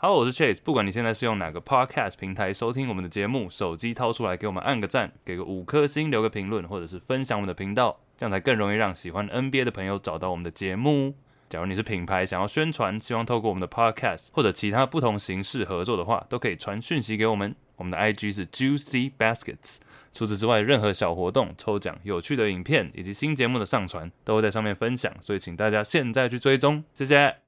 哈嘍我是 Chase。不管你現在是用哪個 podcast 平台收聽我們的節目，手機掏出來給我們按個讚，給個五顆星，留個評論，或者是分享我們的頻道，這樣才更容易讓喜歡 NBA 的朋友找到我們的節目。假如你是品牌想要宣傳，希望透過我們的 podcast 或者其他不同形式合作的話，都可以傳訊息給我們。我們的 IG 是 Juicy Baskets。除此之外，任何小活動、抽獎、有趣的影片以及新節目的上傳，都會在上面分享，所以請大家現在去追蹤。謝謝。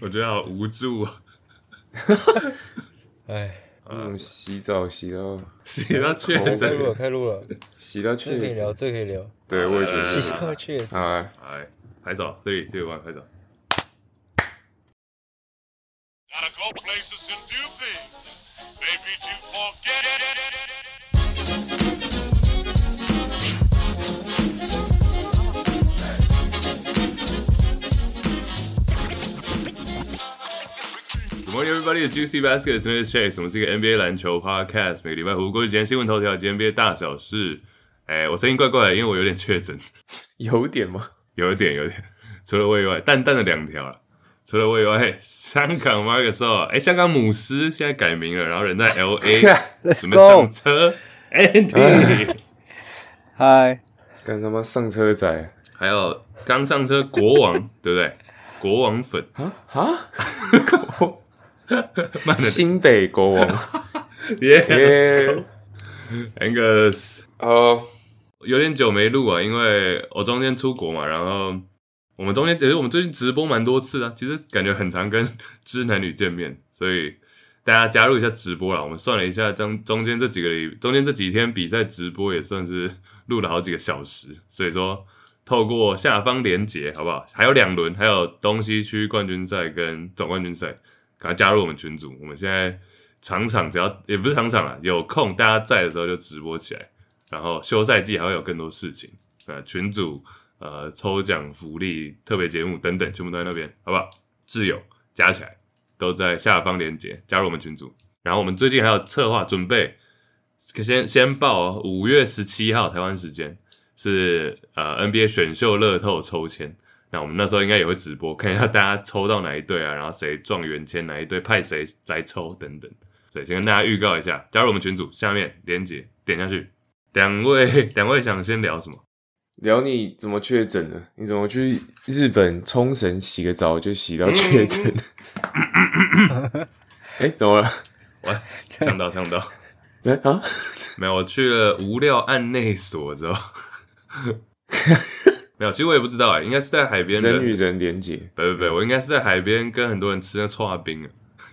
我覺得好、啊、無助啊！哎，我們洗澡洗，澡洗、oh, okay, 了， 洗到確診了，開錄了，洗到確診，這可以聊，這可以聊。對，我也覺得洗到確診。哎，還早，對，這個晚還早。歡迎 everybody 的 juicy baskets Chase，我們是一個 NBA 籃球 podcast，每個禮拜五過去今天新聞頭條今天 NBA 大小事。哎、欸，我聲音怪怪的，因為我有點確診。有點嗎？有點，有點。除了我以外，淡淡的兩條除了我以外，香港馬可說，哎，香港姆斯、欸、現在改名了，然後人在 LA， Let s 準備上車。go. Andy，嗨，剛他媽上車仔！還有剛上車國王， 對不對？國王粉啊啊！Huh? Huh? 哈哈， 你新北國王，耶，Angus，哦，有點久沒錄啊，因為我中間出國嘛，然後我們中間其實我們最近直播蠻多次的，啊，其實感覺很常跟汁男女見面，所以大家加入一下直播啦。我們算了一下，中中間這幾個里，中間這幾天比賽直播也算是錄了好幾個小時，所以說透過下方連結，好不好？還有兩輪，還有東西區冠軍賽跟總冠軍賽。趕快加入我們群組，我們現在場場只要也不是場場了，啊，有空大家在的時候就直播起來，然後休賽季還會有更多事情，呃，群組呃抽獎福利、特別節目等等，全部都在那邊，好不好？摯友加起來都在下方鏈接，加入我們群組。然後我們最近還有策劃準備，先先報五、哦、月十七號台灣時間是呃 NBA 選秀樂透抽籤。那我們那時候應該也會直播，看一下大家抽到哪一隊啊，然後誰狀元籤哪一隊派誰來抽等等。所以先跟大家預告一下，加入我們群組，下面連接點下去。兩位，兩位想先聊什麼？聊你怎麼確診的？你怎麼去日本沖繩洗個澡就洗到確診？哎，怎麼了？喂，嗆到，嗆到。啊， 沒有，我去了無料案內所，知道。沒有，其實我也不知道啊、欸，應該是在海邊。人與人連結。不不不，我應該是在海邊跟很多人吃那剉冰啊，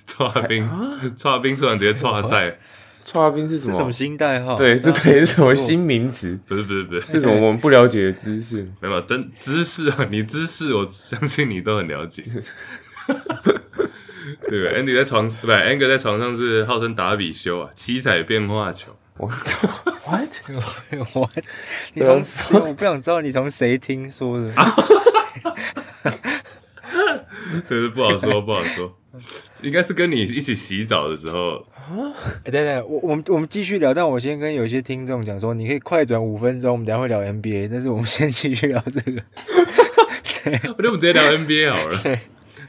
剉冰啊，剉冰，啊，剉冰吃完直接剉賽。剉冰是什麼？什麼新代號？對，也這等於什麼新名詞？不是不是不是，這、欸欸、是什麼我們不了解的姿勢？欸欸沒有，但姿勢啊，你姿勢我相信你都很了解。 對不對 ？Andy 在床，不，Angus 在床上是號稱達比修啊，七彩變化球。我錯，What？我你從我不想知道你從誰聽說的，這是不好說，不好說。應該是跟你一起洗澡的時候。啊，等等，我我們我們繼續聊，但我先跟有些聽眾講說，你可以快轉五分鐘，我們等下會聊 NBA，但是我們先繼續聊這個。我覺得我們直接聊 NBA 好了。對。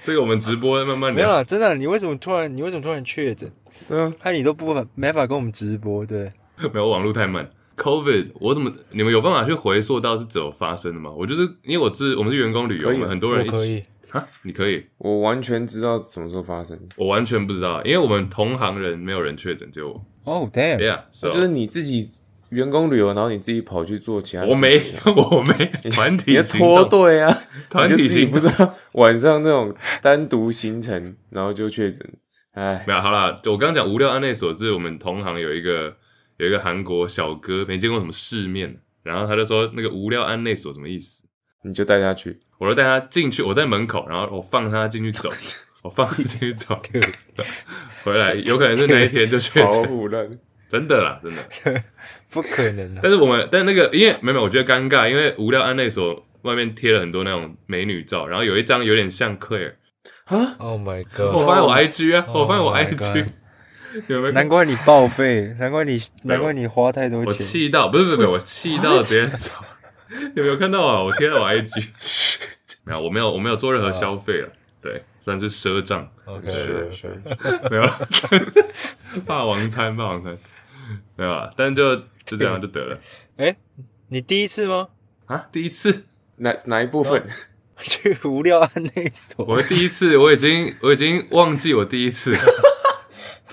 這個我們直播慢慢聊。沒有啊，真的，你為什麼突然？你為什麼突然確診？嗯，害你都不沒法跟我們直播。對。沒有，我網絡太慢。COVID，我怎麼，你們有辦法去回溯到是怎麼發生的嗎？我就是因為我是我們是員工旅遊，可以很多人一起啊，你可以，我完全知道什麼時候發生，我完全不知道，因為我們同行人沒有人確診，只有我。Oh damn，yeah，是 so,、啊，就是你自己員工旅遊，然後你自己跑去做其他事情，我沒，我沒，團體別脫 隊啊，團體性 不知道晚上那種單獨行程，然後就確診，哎，沒有好啦，我剛剛講無料案內所是我們同行有一個。有一個韓國小哥沒見過什麼世面，然後他就說那個無料安內所什麼意思？你就帶他去，我說帶他進去，我在門口，然後我放他進去走， 我放他進去走，回來有可能是那一天就去確診了，真的啦，真的 不可能的，啊。但是我們但那個因為沒有，我覺得尷尬，因為無料安內所外面貼了很多那種美女照，然後有一張有點像 Claire 啊，Oh my God，我發現我 IG 啊，我發現我 IG。Oh 有沒有？難怪你報廢，難怪你，難怪你花太多錢。我氣到，不是不是，我氣到直接走。有沒有看到啊？我貼了我 I G，沒有，我沒有，我沒有做任何消費了，對，算是賒賬。OK，沒有霸王餐，霸王餐，沒有啊。但就就這樣就得了。哎，你第一次嗎？啊，第一次，哪哪一部分？去無料案內所？我第一次，我已經我已經忘記我第一次。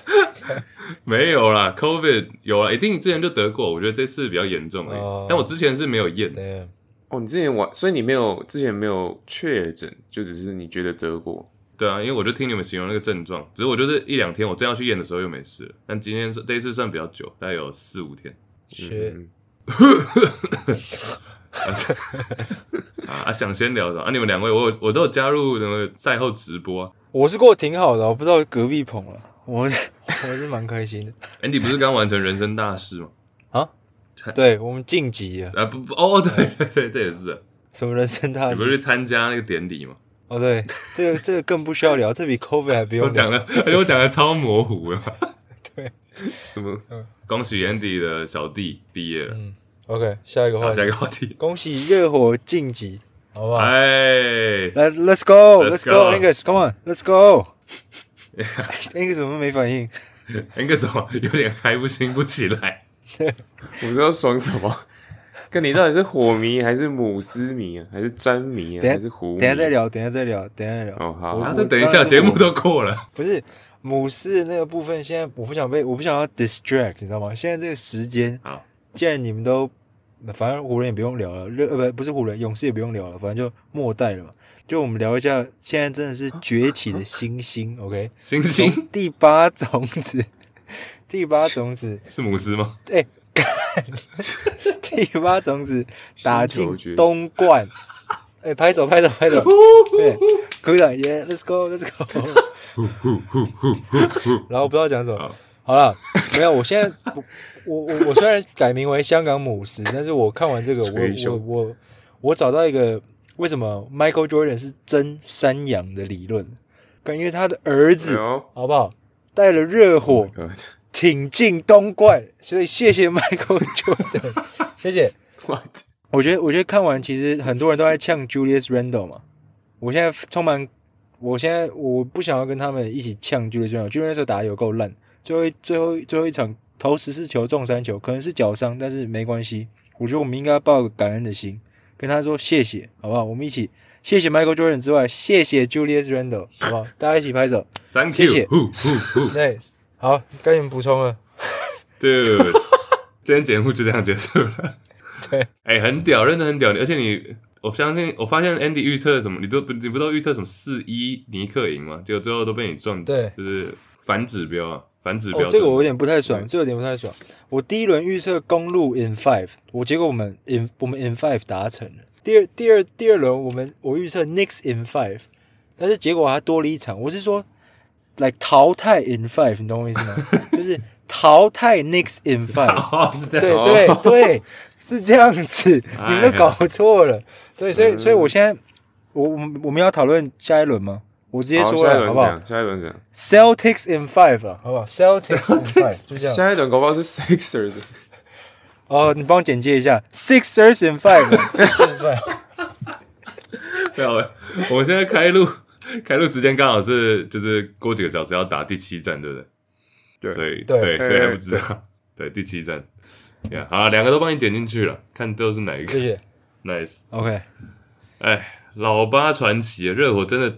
沒有啦，COVID 有啦。一、欸、定你之前就得過。我覺得這次比較嚴重而已，欸。Oh, 但我之前是沒有驗的。哦，你之前玩，所以你沒有之前沒有確診，就只是你覺得得過。對啊，因為我就聽你們形容那個症狀，只是我就是一兩天，我正要去驗的時候又沒事。但今天這一次算比較久，大概有四五天。是啊，想先聊什麼啊，你們兩位我我都有加入什麼賽後直播啊？我是過得挺好的，我不知道隔壁棚了。我我是蠻開心的，Andy 不是剛完成人生大事嗎？啊？對，我們晉級了啊！不不哦，對對對，這也是。什麼人生大事？你不是參加那個典禮嗎？哦，對，這個這個更不需要聊，這比 COVID 還不用講了，而且我講的超模糊了。對，什麼？恭喜 Andy 的小弟畢業了。嗯，OK，下一個話題，下一個話題，恭喜熱火晉級。好不好？哎，Let's Go，Let's Go，English，Come on，Let's Go。那個怎麼沒反應那、欸、個什麼有點還不清不起來， 我不知道說什麼。跟你到底是火迷還是姆斯迷啊？還是詹迷、啊、還是湖迷？等一下再聊，等一下再聊，等一下再聊。哦好，那等一下，節目都過了。嗯、不是姆斯那個部分，現在我不想被，我不想要 distract，你知道嗎？現在這個時間啊，好既然你們都，反正湖人也不用聊了，呃不不是湖人，勇士也不用聊了，反正就末代了嘛。就我們聊一下，現在真的是崛起的新星，OK？星星，第八種子，第八種子是母獅嗎？幹、欸、第八種子打進東冠，哎、欸，拍手拍手拍手，鼓掌耶！Let's go，Let's go。然後不知道要講什麼，呼呼呼好了，沒有，我現在我我我雖然改名為香港母獅，但是我看完這個，我我我我找到一個。為什麼 Michael Jordan 是真山羊的理論？因為他的兒子好不好？帶了熱火挺進東冠，所以謝謝 Michael Jordan， 謝謝。我覺得，我覺得看完其實很多人都在嗆 Julius Randle 嘛。我現在充滿，我現在我不想要跟他們一起嗆 Julius Randle，Julius Randle 打的有夠爛，最後最後最後一場投十四球中三球，可能是腳傷，但是沒關係。我覺得我們應該抱個感恩的心。跟他說謝謝，好不好？我們一起謝謝 Michael Jordan 之外，謝謝 Julius Randle，好不好？ 大家一起拍手，thank you，hoo，hoo，hoo，nice。好，該你們補充了。對，Dude, 今天節目就這樣結束了。 對，哎、欸，很屌，真的很屌，而且你，我相信，我發現 Andy 預測什麼，你都你不都預測什麼四一、e、尼克贏嗎？結果最後都被你撞對，就是反指標啊。反指標哦，這個我有點不太爽，對這個有點不太爽。我第一輪預測公鹿 in five，我結果我們 in 我們 in five 達成了。第二第二第二輪我們我預測 Knicks in five，但是結果還多了一場。我是說來、like、淘汰 in five，你懂我意思嗎？ 就是淘汰 Knicks in five， 對對對，是這樣子， 你們都搞錯了。對，所以所以我現在我我們我們要討論下一輪嗎？我直接說了好不好？下一輪講 Celtics in five 好不好 Celtics 就這樣。下一輪搞不好是 Sixers。哦，你幫我簡介一下 Sixers in five。沒有，我現在開路，開路時間剛好是，就是過幾個小時要打第七站，對不對？對，所以對，所以還不知道，對第七站。好了，兩個都幫你剪進去了，看都是哪一個？謝謝。Nice，OK。哎，老八傳奇，啊，熱火真的。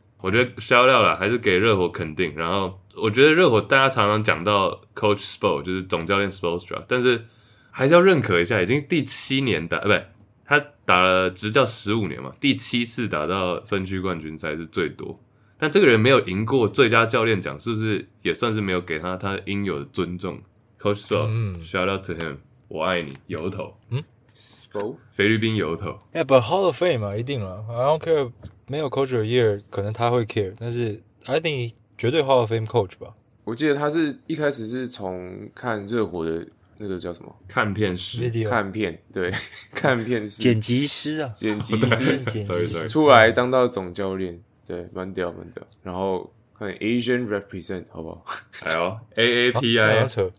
我覺得 shout out 啦，了，還是給熱火肯定。然後我覺得熱火大家常常講到 Coach Spo，、oh、就是總教練 Spoelstra，、oh、但是還是要認可一下，已經第七年打，啊、不他打了執教十五年嘛，第七次打到分區冠軍才是最多。但這個人沒有贏過最佳教練獎，是不是也算是沒有給他他應有的尊重？Coach Spo，shout、oh、out to him，我愛你油頭。嗯 Sp oh? 菲律賓油頭，誒 but Hall of Fame 嘛，啊，一定了。I don't care，沒有 Coach a year，可能他會 care，但是 I think 絕對 Hall of Fame Coach 吧。我記得他是一開始是從看熱火的那個叫什麼看片師， 看片，對，看片師，剪輯師啊，剪輯師，剪輯師，師出來當到總教練，對，蠻屌，蠻屌。然後看 Asian represent，好不好？哎啊，還有 AAPI，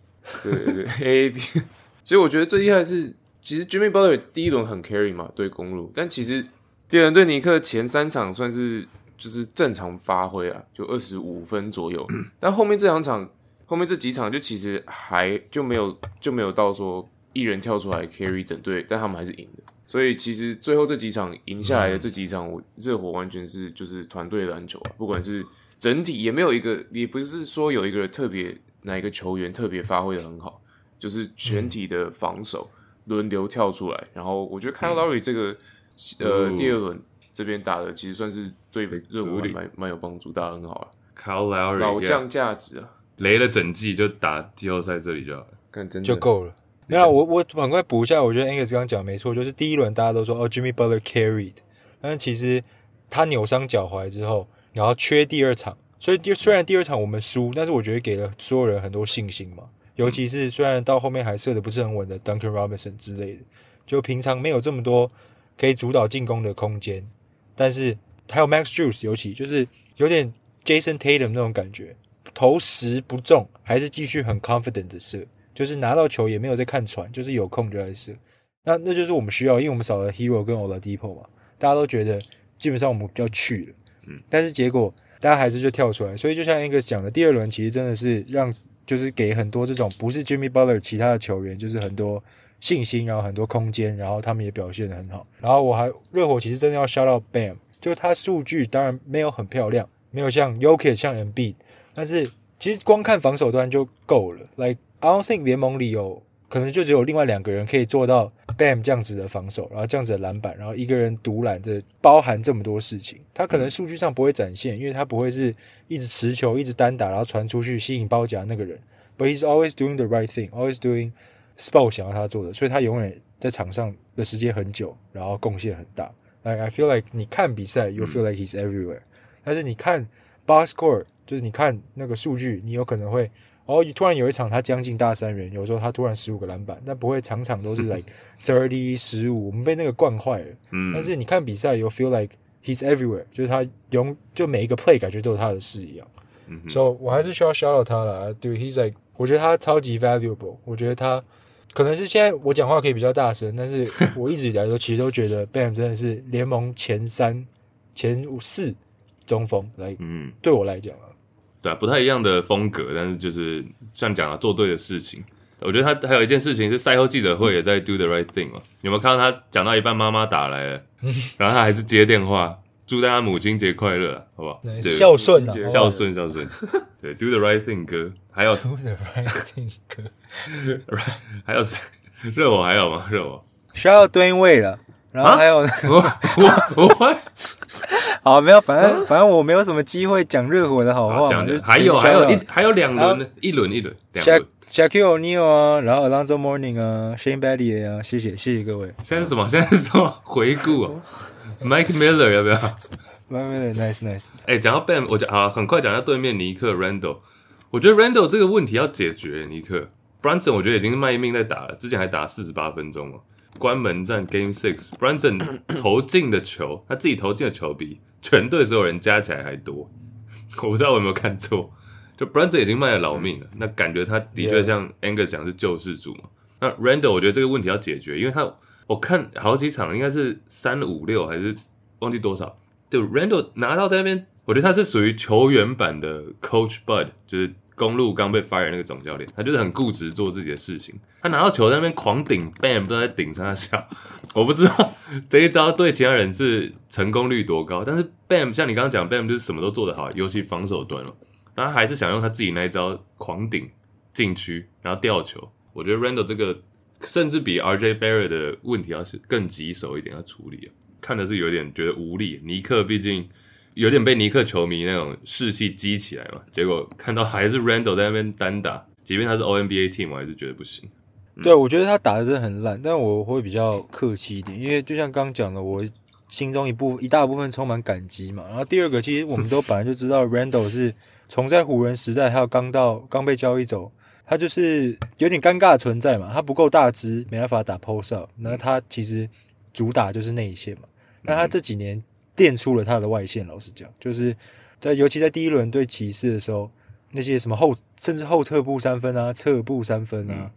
對對對，AAP。 其實我覺得最厲害是。其實 Jimmy Butler 第一輪很 carry 嘛，對公路。但其實第二輪對尼克前三場算是就是正常發揮啊，就二十五分左右。 但後面這兩場，後面這幾場就其實還就沒有就沒有到說一人跳出來 carry 整隊，但他們還是贏的。所以其實最後這幾場贏下來的這幾場，我熱火完全是就是團隊籃球啊，不管是整體也沒有一個，也不是說有一個人特別哪一個球員特別發揮的很好，就是全體的防守。 輪流跳出來，然後我覺得 Kyle Lowry 這個、嗯、呃第二輪這邊打的其實算是對熱火蠻蠻有幫助，打得很好啊。Kyle Lowry 老將價值啊，雷的整季就打季後賽這裡就就夠了。那我我很快補一下，我覺得 Angus 剛，剛講的沒錯，就是第一輪大家都說哦 Jimmy Butler carried，但是其實他扭傷腳踝之後，然後缺第二場，所以第雖然第二場我們輸，但是我覺得給了所有人很多信心嘛。尤其是雖然到後面還射的不是很穩的，Duncan Robinson 之類的，就平常沒有這麼多可以主導進攻的空間，但是還有 Max Juice，尤其就是有點 Jason Tatum 那種感覺，投時不中還是繼續很 confident 的射，就是拿到球也沒有在看船，就是有空就來射。那那就是我們需要，因為我們少了 Hero 跟 Oladipo 嘛，大家都覺得基本上我們要去了，嗯，但是結果大家還是就跳出來，所以就像一 g s 講的，第二輪其實真的是讓。就是給很多這種不是 Jimmy Butler 其他的球員，就是很多信心，然後很多空間，然後他們也表現得很好。然後我還熱火其實真的要 shout out Bam，就他數據當然沒有很漂亮，沒有像 Jokic 像 MB，但是其實光看防守端就夠了。Like I don't think 聯盟裡有可能就只有另外兩個人可以做到。這樣子的防守，然後這樣子的籃板，然後一個人獨攬着包含這麼多事情，他可能數據上不會展現，因為他不會是一直持球，一直單打，然後傳出去吸引包夾那個人。But he's always doing the right thing, always doing what 我想要他做的，所以他永遠在場上的時間很久，然後貢獻很大。Like I feel like 你看比賽，you feel like he's everywhere。但是你看 box score，就是你看那個數據，你有可能會。後、哦、突然有一場他將近大三元，有時候他突然十五個籃板，但不會場場都是 like thirty 十五。我們被那個慣壞了。嗯。但是你看比賽，you feel like he's everywhere，就是他永，就每一個 play 感覺都有他的事一樣。嗯。 so 我還是需要 shout out 他了。對，he's like，我覺得他超級 valuable。我覺得他可能是現在我講話可以比較大聲，但是我一直以來都其實都覺得 Bam 真的是聯盟前三、前四中鋒來。嗯、like,。 對我來講啦。對啊，不太一樣的風格，但是就是像講了、啊、做對的事情。我覺得他還有一件事情是賽後記者會也在 do the right thing 嘛、哦，你有沒有看到他講到一半媽媽打來了， 然後他還是接電話，祝大家母親節快樂、啊，好不好？孝順，孝、啊、順，孝順。 對，do the right thing 歌，還有 do the right thing 歌 還有熱火還有嗎？熱火需要蹲位了。然後還有我我我，好沒有，反正反正我沒有什麼機會講熱火的好話，講就還有還有一還有兩輪，一輪一輪兩輪。Shaquille O'Neal 啊，然後 Alonzo Mourning 啊，Shane Battier 啊，謝謝謝謝各位。現在是什麼？現在是什麼？回顧啊。Mike Miller 要不要？Mike Miller nice nice。哎，講到 Bam，我講啊，很快講到對面尼克 Randle 我覺得 Randle 這個問題要解決，尼克 Brunson 我覺得已經賣命在打了，之前還打四十八分鐘哦。關門戰 Game Six，Brunson 投進的球， 他自己投進的球比全隊所有人加起來還多， 我不知道我有沒有看錯。就 Brunson 已經賣了老命了，那感覺他的確像 Angus 講是救世主嘛。Yeah. 那 Randall，我覺得這個問題要解決，因為他我看好幾場應該是三五六還是忘記多少。對 Randall 拿到這邊，我覺得他是屬於球員版的 Coach Bud，就是。公路剛被 fire 的那個總教練，他就是很固執做自己的事情。他拿到球在那邊狂頂，Bam 都在頂他笑。我不知道這一招對其他人是成功率多高，但是 Bam 像你剛剛講，Bam 就是什麼都做得好，尤其防守端了。他還是想用他自己那一招狂頂禁區，然後吊球。我覺得 Randle 這個甚至比 RJ Barrett 的問題要是更棘手一點要處理啊，看的是有點覺得無力。尼克畢竟。有點被尼克球迷那種士氣激起來嘛，結果看到還是 Randle 在那邊單打，即便他是 All NBA team，我還是覺得不行。嗯、對，我覺得他打的真的很爛，但我會比較客氣一點，因為就像剛講的，我心中一部一大部分充滿感激嘛。然後第二個，其實我們都本來就知道 Randle 是從在湖人時代， 還有剛到剛被交易走，他就是有點尷尬的存在嘛，他不夠大只，沒辦法打 post up，那他其實主打就是內線嘛。那他這幾年。嗯練出了他的外線，老實講，就是在尤其在第一輪對騎士的時候，那些什麼後甚至後撤步三分啊，側步三分啊，嗯、啊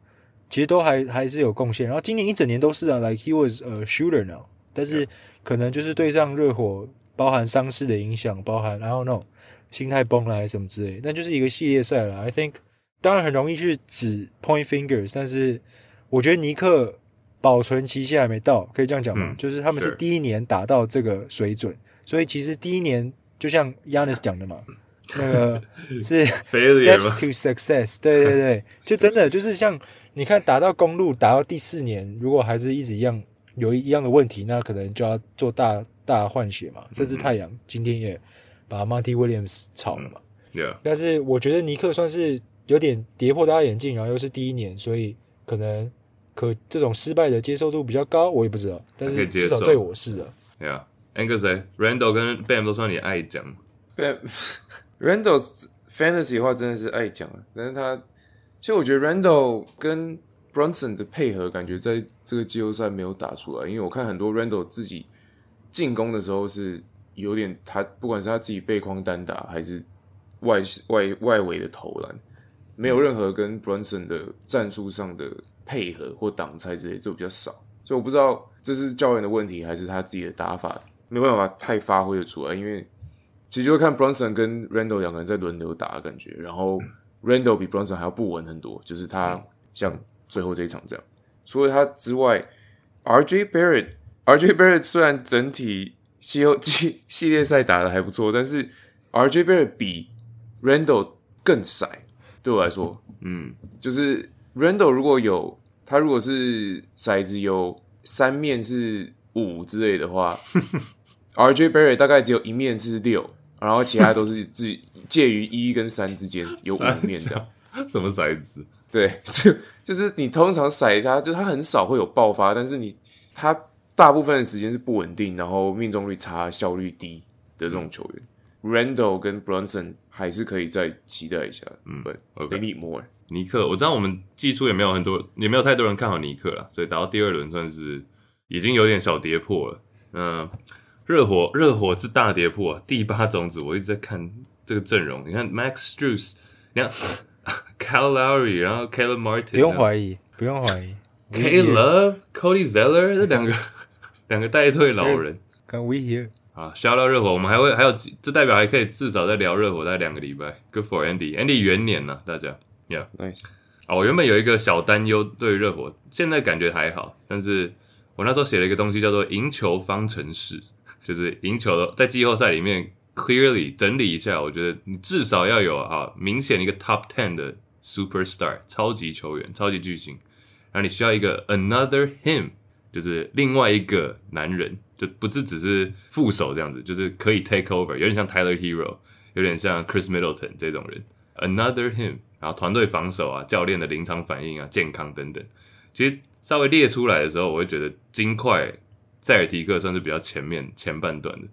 其實都還還是有貢獻。然後今年一整年都是啊，like he was a shooter now。但是可能就是對上熱火，包含傷勢的影響，包含 I don't know，心態崩了還是什麼之類，但就是一個系列賽了。I think 當然很容易去指 point fingers，但是我覺得尼克。保存期限還沒到，可以這樣講，嗯、就是他們是第一年達到這個水準，嗯、所以其實第一年就像 Yannis 講的嘛， 那個是 steps to success，對對對，就真的 就是像你看打到公路打到第四年，如果還是一直一樣有一,一樣的問題，那可能就要做大大換血嘛。甚至太陽、嗯、今天也把 Monty Williams 炒了嘛，嗯 yeah. 但是我覺得尼克算是有點跌破大家眼鏡，然後又是第一年，所以可能。可這種失敗的接受度比較高，我也不知道，但是至少對我是的。對啊 Angus say、yeah. Randall 跟 Bam 都算你愛講。Bam, Randall fantasy 話真的是愛講，但是他其實我覺得 Randall 跟 Brunson 的配合感覺在這個季後賽沒有打出來，因為我看很多 Randall 自己進攻的時候是有點他不管是他自己背筐單打還是外外外圍的投籃，沒有任何跟 Brunson 的戰術上的。配合或擋拆之類，就比較少，所以我不知道這是教練的問題，還是他自己的打法沒有辦法太發揮得出來。因為其實就看 Brunson 跟 Randall 兩個人在輪流打的感覺，然後 Randall 比 Brunson 還要不穩很多，就是他像最後這一場這樣。除了他之外，RJ Barrett，RJ Barrett 雖然整體季後賽系列賽打得還不錯，但是 RJ Barrett 比 Randall 更散。對我來說，嗯，就是。Randall 如果有他如果是骰子有三面是五之類的話 ，RJ Barrett 大概只有一面是六，然後其他都是 介於一跟三之間有五面這樣。什麼骰子？對，就就是你通常骰它，就它很少會有爆發，但是你它大部分的時間是不穩定，然後命中率差、效率低的這種球員、嗯、，Randall 跟 Brunson 還是可以再期待一下。嗯，對，給你 need more。Okay. 尼克，我知道我們季初也沒有很多，也沒有太多人看好尼克了，所以打到第二輪算是已經有點小跌破了。嗯、呃，熱火，熱火是大跌破啊！第八種子，我一直在看這個陣容。你看 Max Strus 你看 Kyle Lowry，然後 Caleb Martin，不用懷疑，不用懷疑，Kevin Love、啊、Cody Zeller 這兩個 We here. 兩個帶隊老人。We here 啊，Shout out 熱火，我們還會還有，這代表還可以至少再聊熱火大概兩個禮拜。Good for Andy，Andy Andy 元年了、啊，大家。Yeah，Nice。哦，Yeah. Nice. oh, 我原本有一個小擔憂，對熱火，現在感覺還好。但是我那時候寫了一個東西叫做“贏球方程式”，就是贏球的在季後賽裡面，clearly 整理一下，我覺得你至少要有啊明顯一個 top ten 的 superstar 超級球員、超級巨星，然後你需要一個 another him，就是另外一個男人，就不是只是副手這樣子，就是可以 take over，有點像 Tyler Herro，有點像 Khris Middleton 這種人。Another him，然後團隊防守啊，教練的臨場反應啊，健康等等，其實稍微列出來的時候，我會覺得金塊塞爾提克算是比較前面前半段的，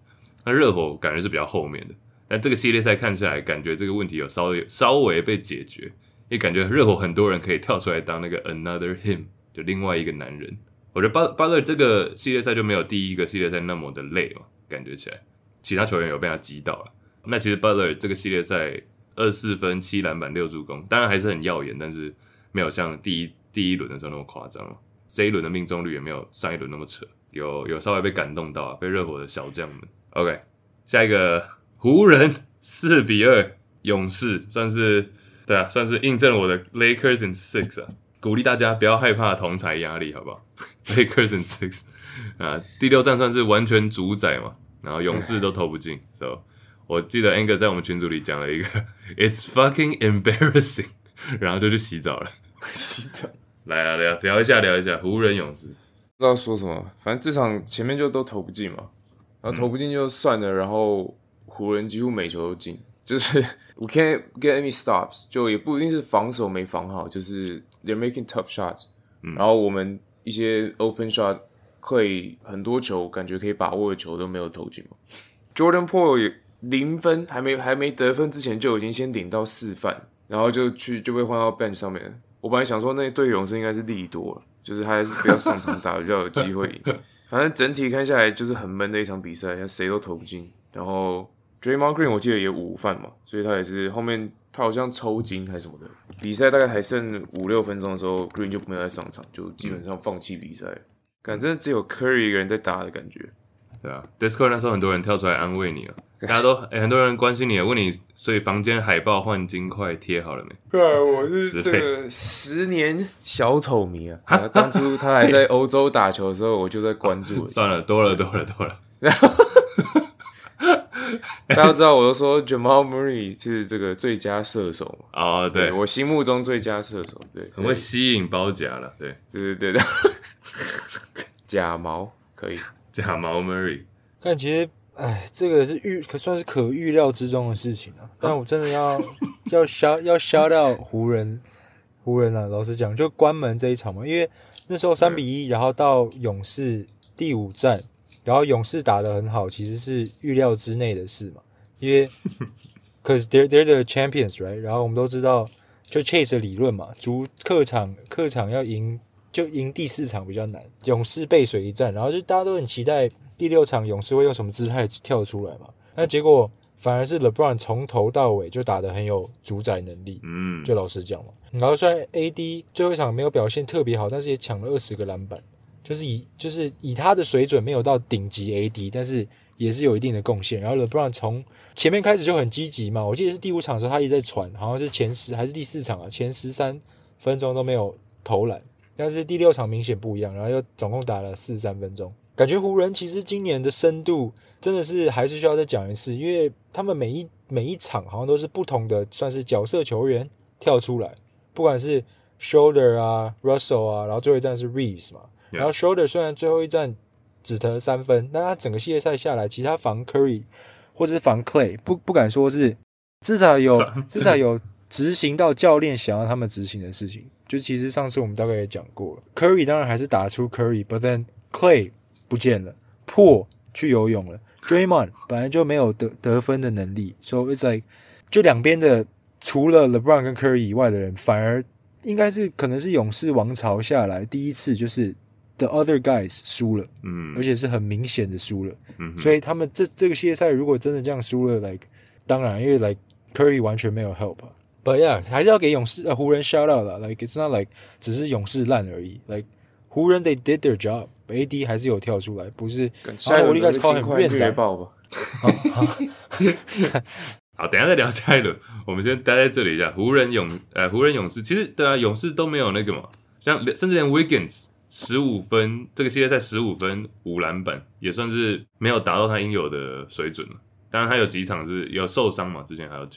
那熱火感覺是比較後面的。但這個系列賽看起來，感覺這個問題有稍微稍微被解決，也感覺熱火很多人可以跳出來當那個 Another him，就另外一個男人。我覺得 Butler 這個系列賽就沒有第一個系列賽那麼的累哦，感覺起來其他球員有被他擊倒了啊。那其實 Butler 這個系列賽。二四分七籃板六助攻，當然還是很耀眼，但是沒有像第一第一輪的時候那麼誇張了。這一輪的命中率也沒有上一輪那麼扯，有有稍微被感動到啊，被熱火的小將們。OK，下一個湖人四比二勇士，算是對啊，算是印證了我的 Lakers in Six 啊，鼓勵大家不要害怕同儕壓力，好不好 ？Lakers in Six 啊，第六戰算是完全主宰嘛，然後勇士都投不進，是吧？我記得 Angus 在我們群組裡講了一個 "It's fucking embarrassing"，然後就去洗澡了。 洗澡來，啊，來啊，聊聊一下，聊一下湖人勇士，不知道說什麼，反正這場前面就都投不進嘛，然後投不進就算了，然後湖人幾乎每球都進，就是 "We can't get any stops"，就也不一定是防守沒防好，就是 "They're making tough shots"，嗯、然後我們一些 open shot 可以很多球感覺可以把握的球都沒有投進嘛，Jordan Poole。零分還沒還沒得分之前就已經先領到四犯，然後就去就被換到 bench 上面。我本來想說，那隊勇士應該是利多了，就是他還是不要上場打，比較有機會贏。 反正整體看下來，就是很悶的一場比賽，像誰都投不進。然後 Draymond Green 我記得也五犯嘛，所以他也是後面他好像抽筋還是什麼的。比賽大概還剩五六分鐘的時候，Green 就沒有再上場，就基本上放棄比賽。反正、嗯、只有 Curry 一個人在打的感覺。對啊，Discord 那時候很多人跳出來安慰你啊，大家都、欸、很多人關心你，啊，問你，所以房間海報換金塊貼好了沒？對， 我是這個十年小丑迷啊，啊，當初他還在歐洲打球的時候， 我就在關注一下、啊。算了，多了多了多了。然後 大家知道我都說 Jamal Murray 是這個最佳射手哦，oh, 對，對，我心目中最佳射手，對，很會吸引包夾了，對，對對對對假毛可以。假毛 Murray 但其實，哎，這個是預可算是可預料之中的事情啊。但我真的要、啊、 要消要消掉湖人湖人啊，老實講，就關門這一場嘛，因為那時候三比一對，然後到勇士第五戰，然後勇士打得很好，其實是預料之內的事嘛。因為 ，cause they're they're the champions, right？然後我們都知道，就 Chase 理論嘛，主客場客場要贏。就贏第四場比較難，勇士背水一戰，然後就大家都很期待第六場勇士會用什麼姿態跳出來嘛。那結果反而是 LeBron 從頭到尾就打得很有主宰能力，嗯，就老實講嘛。然後雖然 AD 最後一場沒有表現特別好，但是也搶了二十個籃板，就是以就是以他的水準沒有到頂級 AD，但是也是有一定的貢獻。然後 LeBron 從前面開始就很積極嘛，我記得是第五場的時候他一直在傳，好像是前十還是第四場啊，前十三分鐘都沒有投籃。但是第六場明顯不一樣，然後又總共打了四十三分鐘，感覺湖人其實今年的深度真的是還是需要再講一次，因為他們每一每一場好像都是不同的，算是角色球員跳出來，不管是 Shoulder 啊 Russell 啊，然後最後一站是 Reeves 嘛，Yeah. 然後 Shoulder 雖然最後一站只得三分，但他整個系列賽下來，其實他防 Curry 或者是防 Clay 不不敢說是，至少有至少有執行到教練想要他們執行的事情。就其實上次我們大概也講過了，Curry 當然還是打出 Curry，but then Clay 不見了，Poole 去游泳了，Draymond 本來就沒有得得分的能力，so It's like 就兩邊的除了 LeBron 跟 Curry 以外的人，反而應該是可能是勇士王朝下來第一次就是 The other guys 輸了，嗯，而且是很明顯的輸了，嗯哼，所以他們這這個系列賽如果真的這樣輸了，like 當然因為 like Curry 完全沒有 help。But yeah，還是要給勇士，呃，湖人 shout out 啦。Like it's not like 只是勇士爛而已。Like 湖人 they did their job。AD 還是有跳出來，不是下一輪應該是儘快揭爆吧。好，等一下再聊下一輪。我們先待在這裡一下。湖人勇，呃，湖人勇士其實對啊，勇士都沒有那個嘛，像甚至連 Wiggins 十五分這個系列賽十五分五籃板，也算是沒有達到他應有的水準了。當然，他有幾場是有受傷嘛，之前還有講。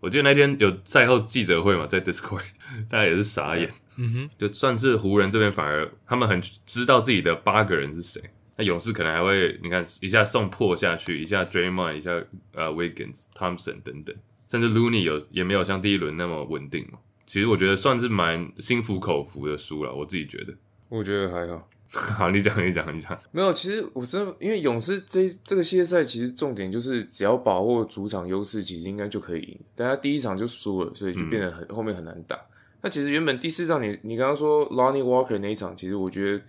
我記得那天有賽後記者會嘛，在 Discord，大家也是傻眼。嗯哼，就算是湖人這邊，反而他們很知道自己的八個人是誰。那勇士可能還會你看一下送破下去，一下 Draymond，一下呃 Wiggins，uh, ins, Thompson 等等，甚至 Looney 有也沒有像第一輪那麼穩定嘛。其實我覺得算是蠻心服口服的輸了，我自己覺得。我覺得還好。好，你講你講你講，沒有，其實我知道，因為勇士這這個系列賽其實重點就是只要把握主場優勢，其實應該就可以贏，但他第一場就輸了，所以就變得很、嗯、後面很難打。那其實原本第四場你你剛剛說 Lonnie Walker 那一場，其實我覺得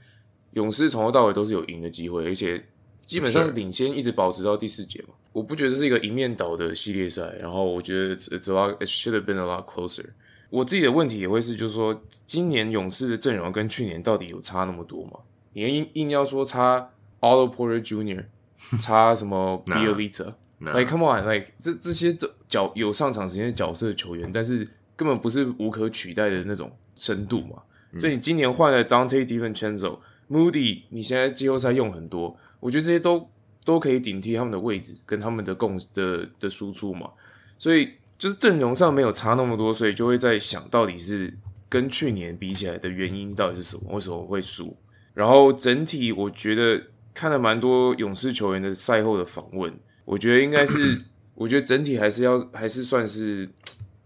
勇士從頭到尾都是有贏的機會，而且基本上領先一直保持到第四節嘛，Sure. 我不覺得這是一個一面倒的系列賽。然後我覺得 it's a lot, it should have been a lot closer。我自己的問題也會是，就是說，今年勇士的陣容跟去年到底有差那麼多嗎？你硬硬要說差 Otto Porter Jr.，差什麼，Bjelica，來 come on, like 這這些角有上場時間的角色的球員，但是根本不是無可取代的那種深度嘛。嗯、所以你今年換了 Donte，DiVincenzo Moody，你現在季後賽用很多，我覺得這些都都可以頂替他們的位置，跟他們的共的的輸出嘛。所以。就是陣容上沒有差那麼多，所以就會在想到底是跟去年比起來的原因到底是什麼？為什麼會輸？然後整體我覺得看了蠻多勇士球員的賽後的訪問，我覺得應該是，我覺得整體還是要還是算是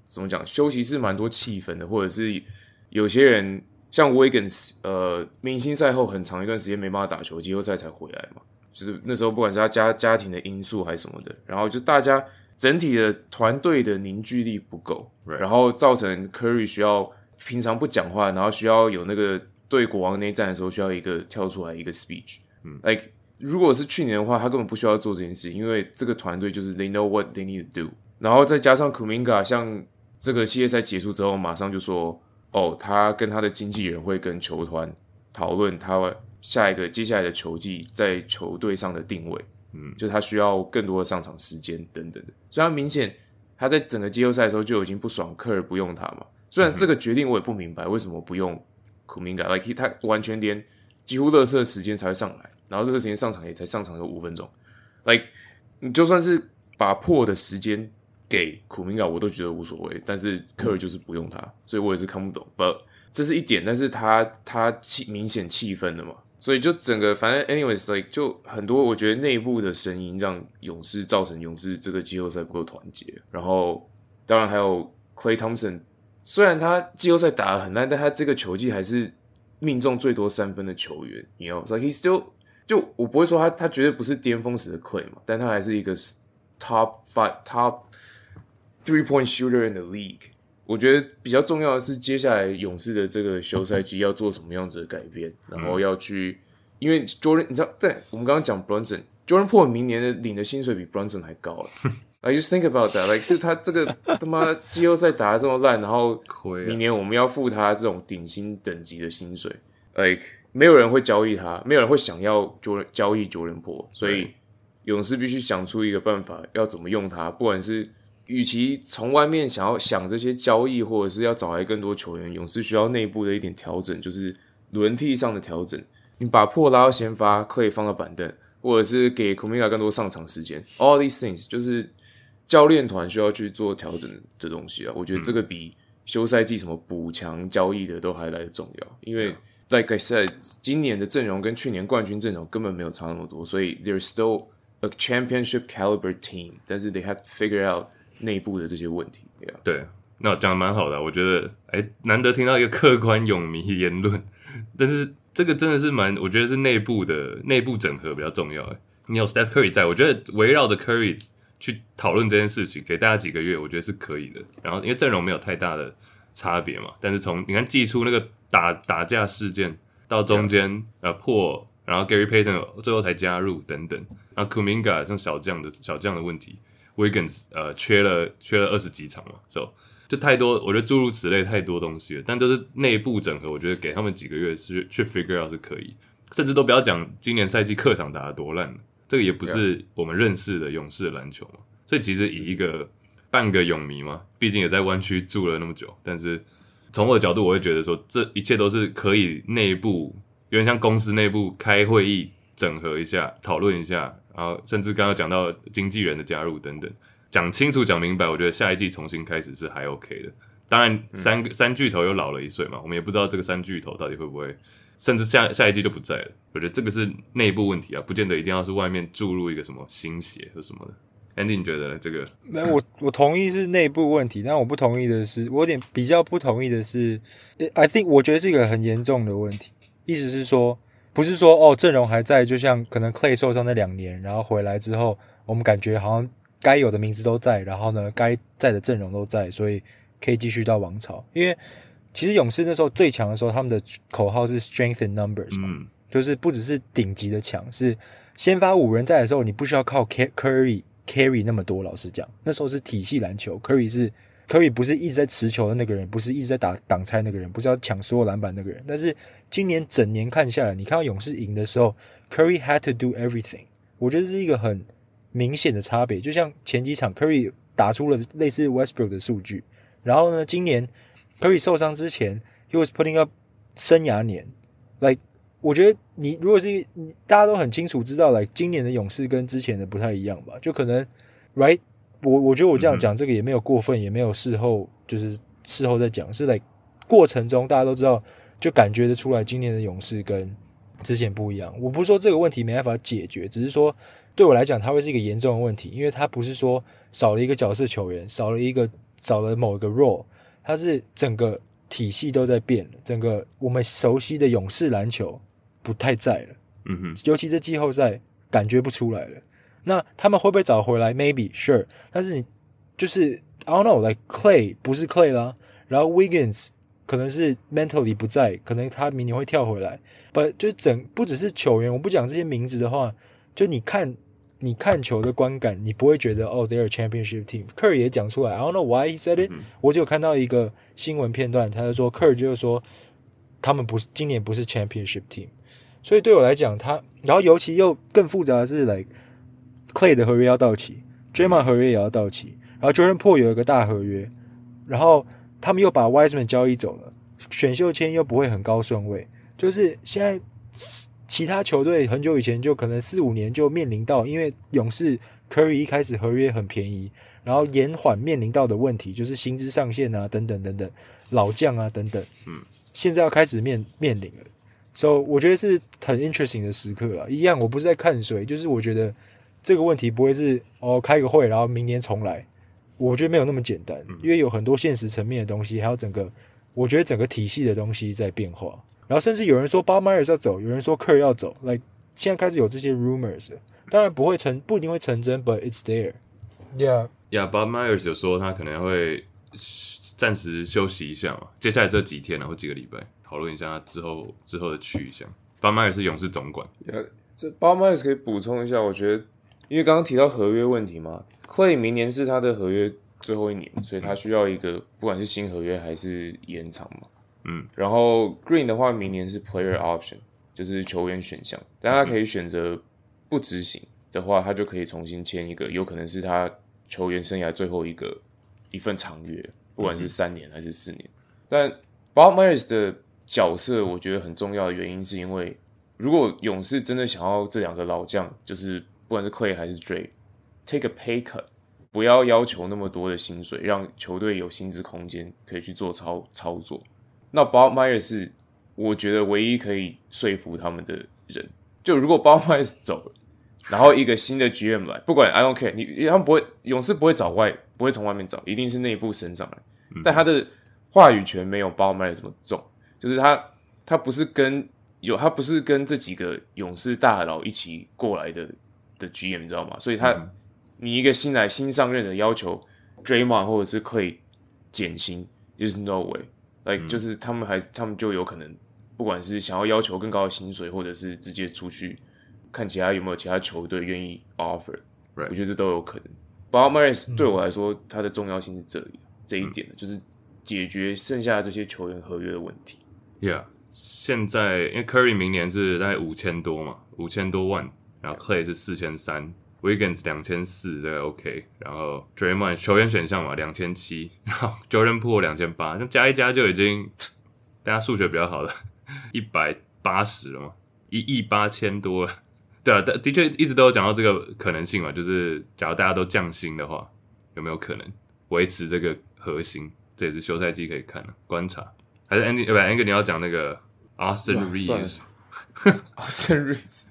怎麼講，休息室蠻多氣氛，的，或者是有些人像 Wiggins，呃，明星賽後很長一段時間沒辦法打球，季後賽才回來嘛，就是那時候不管是他家家庭的因素還是什麼的，然後就大家。整體的團隊的凝聚力不夠，然後造成 Curry 需要平常不講話，然後需要有那個對國王內戰的時候需要一個跳出來一個 speech。嗯，Like 如果是去年的話，他根本不需要做這件事情，因為這個團隊就是 They know what they need to do。然後再加上 Kuminga，像這個系列賽結束之後，馬上就說哦，他跟他的經紀人會跟球團討論他下一個接下來的球季在球隊上的定位。嗯，就他需要更多的上場時間等等的。雖然明顯他在整個季後賽的時候就已經不爽，科爾不用他嘛。雖然這個決定我也不明白為什麼不用 Kuminga，like 他完全連幾乎垃圾的時間才會上來，然後這個時間上場也才上場有五分鐘，like 你就算是把破的時間給 Kuminga，我都覺得無所謂。但是科爾就是不用他，所以我也是看不懂。But 這是一點，但是他他氣明顯氣憤了嘛。所以就整個反正，anyways，like 就很多，我覺得內部的聲音讓勇士造成勇士這個季後賽不夠團結。然後，當然還有 Klay Thompson，雖然他季後賽打得很爛，但他這個球技還是命中最多三分的球員。You know，like、so、he still 就我不會說他，他絕對不是巔峰時的 Klay 嘛，但他還是一個 top five top three point shooter in the league。我覺得比較重要的是，接下來勇士的這個休賽期要做什麼樣子的改變，嗯、然後要去，因為 Jordan 你知道，對我們剛剛講 Brunson，Jordan Poole 明年的領的薪水比 Brunson 還高了 ，I just think about that，like 就他這個他媽季後賽打得這麼爛，然後明年我們要付他這種頂薪等級的薪水，Like， 沒有人會交易他，沒有人會想要 Jordan 交易 Jordan Poole，所以對勇士必須想出一個辦法，要怎麼用他，不管是。與其從外面想要想這些交易，或者是要找來更多球員，勇士需要內部的一點調整，就是輪替上的調整。你把破拉到先發，可以放到板凳，或者是給庫明加更多上場時間。All these things 就是教練團需要去做調整的東西啊。我覺得這個比休賽季什麼補強交易的都還來得重要，因為 Like I said，今年的陣容跟去年冠軍陣容根本沒有差那麼多，所以 They're still a championship caliber team，但是 They have to figure out。內部的這些問題，對、啊、對，那我講的蠻好的、啊，我覺得，哎，難得聽到一個客觀勇迷言論，但是這個真的是蠻，我覺得是內部的內部整合比較重要。哎，你有 Steph Curry 在，我覺得圍繞著 Curry 去討論這件事情，給大家幾個月，我覺得是可以的。然後因為陣容沒有太大的差別嘛，但是從你看季初那個打打架事件到中間呃破，啊、然後 Paul，然後 Gary Payton 最後才加入等等，啊，Kuminga 像小將的小將的問題。Wiggins 呃，缺了缺了二十幾場嘛，So 就太多，我覺得諸如此類太多東西了，但都是內部整合。我覺得給他們幾個月是去去 figure out 是可以，甚至都不要講今年賽季客場打的多爛，這個也不是我們認識的勇士的籃球嘛。所以其實以一個半個勇迷嘛，畢竟也在灣區住了那麼久，但是從我的角度，我會覺得說這一切都是可以內部有點像公司內部開會議整合一下，討論一下。然後甚至剛剛講到經紀人的加入等等，講清楚講明白，我覺得下一季重新開始是還 OK 的。當然，三個三巨頭又老了一歲嘛，我們也不知道這個三巨頭到底會不會，甚至下下一季就不在了。我覺得這個是內部問題啊，不見得一定要是外面注入一個什麼新血或什麼的。Andy，你覺得呢這個？沒有，我我同意是內部問題，但我不同意的是，我有點比較不同意的是，I think 我覺得是一個很嚴重的問題，意思是說。不是說哦，陣容還在，就像可能 Clay 受傷那兩年，然後回來之後，我們感覺好像該有的名字都在，然後呢，該在的陣容都在，所以可以繼續到王朝。因為其實勇士那時候最強的時候，他們的口號是 Strength in Numbers 嘛，嗯、就是不只是頂級的強，是先發五人在的時候，你不需要靠 Curry carry 那麼多。老實講，那時候是體系籃球，Curry 是。Curry 不是一直在持球的那個人，不是一直在打擋拆那個人，不是要搶所有籃板那個人。但是今年整年看下來，你看到勇士贏的時候，Curry had to do everything。我覺得是一個很明顯的差別。就像前幾場 Curry 打出了類似 Westbrook、ok、的數據，然後呢，今年 Curry 受傷之前，he was putting up 生涯年。Like，我覺得你如果是大家都很清楚知道，來、like，今年的勇士跟之前的不太一樣吧？就可能，right。我我覺得我這樣講這個也沒有過分，也沒有事後就是事後再講，是在過程中大家都知道，就感覺得出來，今年的勇士跟之前不一樣。我不是說這個問題沒辦法解決，只是說對我來講，它會是一個嚴重的問題，因為它不是說少了一個角色球員，少了一個少了某一個 role，它是整個體系都在變了，整個我們熟悉的勇士籃球不太在了。嗯嗯，尤其是季後賽感覺不出來了。那他們會不會找回來？Maybe sure，但是你就是 I don't know，like Clay 不是 Clay 啦，然後 Wiggins 可能是 mentally 不在，可能他明年會跳回來。But，就整不只是球員，我不講這些名字的話，就你看你看球的觀感，你不會覺得哦、oh,，They're championship team。Kerr 也講出來，I don't know why he said it、嗯哼。我只有看到一個新聞片段，他就說 Kerr 就是說他們不是今年不是 championship team，所以對我來講，他然後尤其又更複雜的是 like。Clay 的合約要到期，Draymond 合約也要到期，然後 Jordan Poole 有一個大合約，然後他們又把 Wiseman 交易走了，選秀籤又不會很高順位，就是現在其他球隊很久以前就可能四五年就面臨到，因為勇士 Curry 一開始合約很便宜，然後延緩面臨到的問題就是薪資上限啊等等等等，老將啊等等，嗯，現在要開始面面臨了，所、so, 以我覺得是很 interesting 的時刻啊，一樣我不是在看誰，就是我覺得。這個問題不會是哦，開個會，然後明年重來，我覺得沒有那麼簡單，嗯、因為有很多現實層面的東西，還有整個，我覺得整個體系的東西在變化。然後甚至有人說 Bob Myers 要走，有人說 Kerr 要走來、like, 現在開始有這些 rumors，當然不會成，不一定會成真，but it's there。Yeah，Yeah，Bob Myers 有說他可能會暫時休息一下嘛，接下來這幾天然、啊、後幾個禮拜討論一下他之後之後的去向。Bob Myers 是勇士總管。Yeah，這 Bob Myers 可以補充一下，我覺得。因為剛剛提到合約問題嘛，Clay 明年是他的合約最後一年，所以他需要一個不管是新合約還是延長嘛。嗯，然後 Green 的話，明年是 Player Option，就是球員選項，但他可以選擇不執行的話，他就可以重新簽一個，有可能是他球員生涯最後一個一份長約，不管是三年還是四年。嗯、但 Bob Myers 的角色，我覺得很重要的原因是因為，如果勇士真的想要這兩個老將，就是。不管是 Clay 還是 Dray，take a pay cut，不要要求那麼多的薪水，讓球隊有薪資空間可以去做操操作。那 Bob Myers 是我覺得唯一可以說服他們的人。就如果 Bob Myers 走了，然後一個新的 GM 來，不管 I don't care，你他們不會，勇士不會找外，不會從外面找，一定是內部升上來。嗯、但他的話語權沒有 Bob Myers 這麼重，就是他他不是跟有他不是跟這幾個勇士大佬一起過來的。的 GM 你知道嗎？所以他，你一個新來新上任的要求，Draymond 或者是 Klay 減薪，is no way，like、嗯、就是他們還他們就有可能，不管是想要要求更高的薪水，或者是直接出去看其他有沒有其他球隊願意 offer，Right. 我覺得這都有可能。Bob Myers、嗯、對我來說，他的重要性是這裡，這一點就是解決剩下的這些球員合約的問題。Yeah，現在因為 Curry 明年是大概五千多嘛，五千多萬。然後 Clay 是四千三，Wiggins 兩千四，個 o k 然後 Draymond 球員選項嘛，兩千七，然後 Jordan Po 兩千八，那加一加就已經，大家數學比較好的，一百八十了嘛，一億八千多了。對啊，的的確一直都有講到這個可能性嘛，就是假如大家都降薪的話，有沒有可能維持這個核心？這也是休賽季可以看的觀察。還是 Andy 不 a n d y、啊、你要講那個 Austin Reeves，Austin Reeves、啊。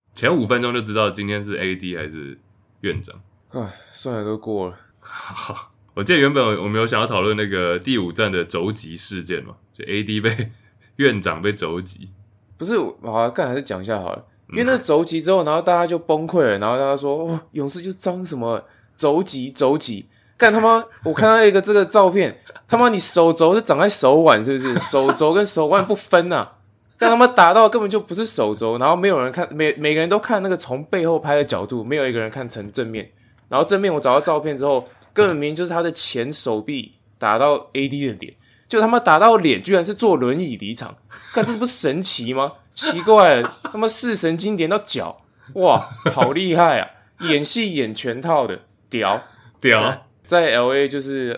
前五分鐘就知道今天是 AD 還是院長，唉，算了都過了。好好。我記得原本我們有想要討論那個第五戰的肘擊事件嘛，就 AD 被院長被肘擊，不是，我剛、啊、還是講一下好了，因為那肘擊之後，然後大家就崩潰了，然後大家說，哦、勇士就髒什麼肘擊肘擊，乾他媽！ 我看到一個這個照片，他媽你手肘是長在手腕是不是？手肘跟手腕不分吶、啊。讓他們打到根本就不是手肘，然後沒有人看，每每個人都看那個從背後拍的角度，沒有一個人看成正面。然後正面我找到照片之後，根本明明就是他的前手臂打到 AD 的臉，就他們打到臉，居然是坐輪椅離場，看這不是神奇嗎？奇怪了，他們視神經連到腳，哇，好厲害啊！演戲演全套的屌屌，屌在 LA 就是。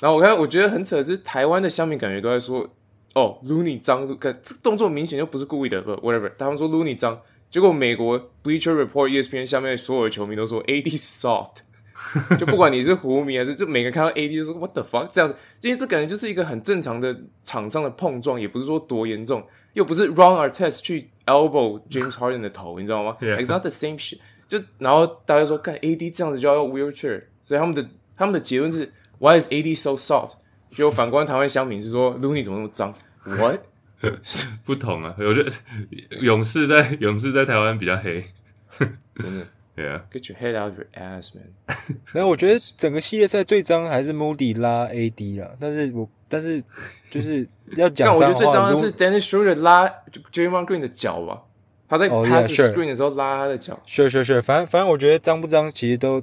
然後我看，我覺得很扯，是台灣的下面感覺都在說：“哦，Looney 髒，幹這動作明顯又不是故意的，不 whatever。”他們說 Looney 髒，結果美國 Bleacher Report、ESPN 下面所有的球迷都說 AD soft， 就不管你是湖迷還是就每個看到 AD 都說 What the fuck 這樣子，因為這感覺就是一個很正常的場上的碰撞，也不是說多嚴重，又不是 Ron Artest 去 elbow James Harden 的頭， 你知道嗎 Yeah.、like、？It's not the same shit。就然後大家說看 AD 這樣子就要用 wheelchair，所以他們的他們的結論是。Why is AD so soft？就反觀臺灣鄉民是說 Looney 怎麼那麼髒？What？不同啊，我覺得勇士在勇士在臺灣比較黑。真的，Yeah. Get your head out your ass, man！那我覺得整個系列賽最髒還是 Moody 拉 AD 了，但是我但是就是要講，但我覺得最髒的是 Dennis Schroeder 拉 Draymond Green 的腳吧，他在 pass screen 的時候拉他的腳。是是是，反正反正我覺得髒不髒，其實都。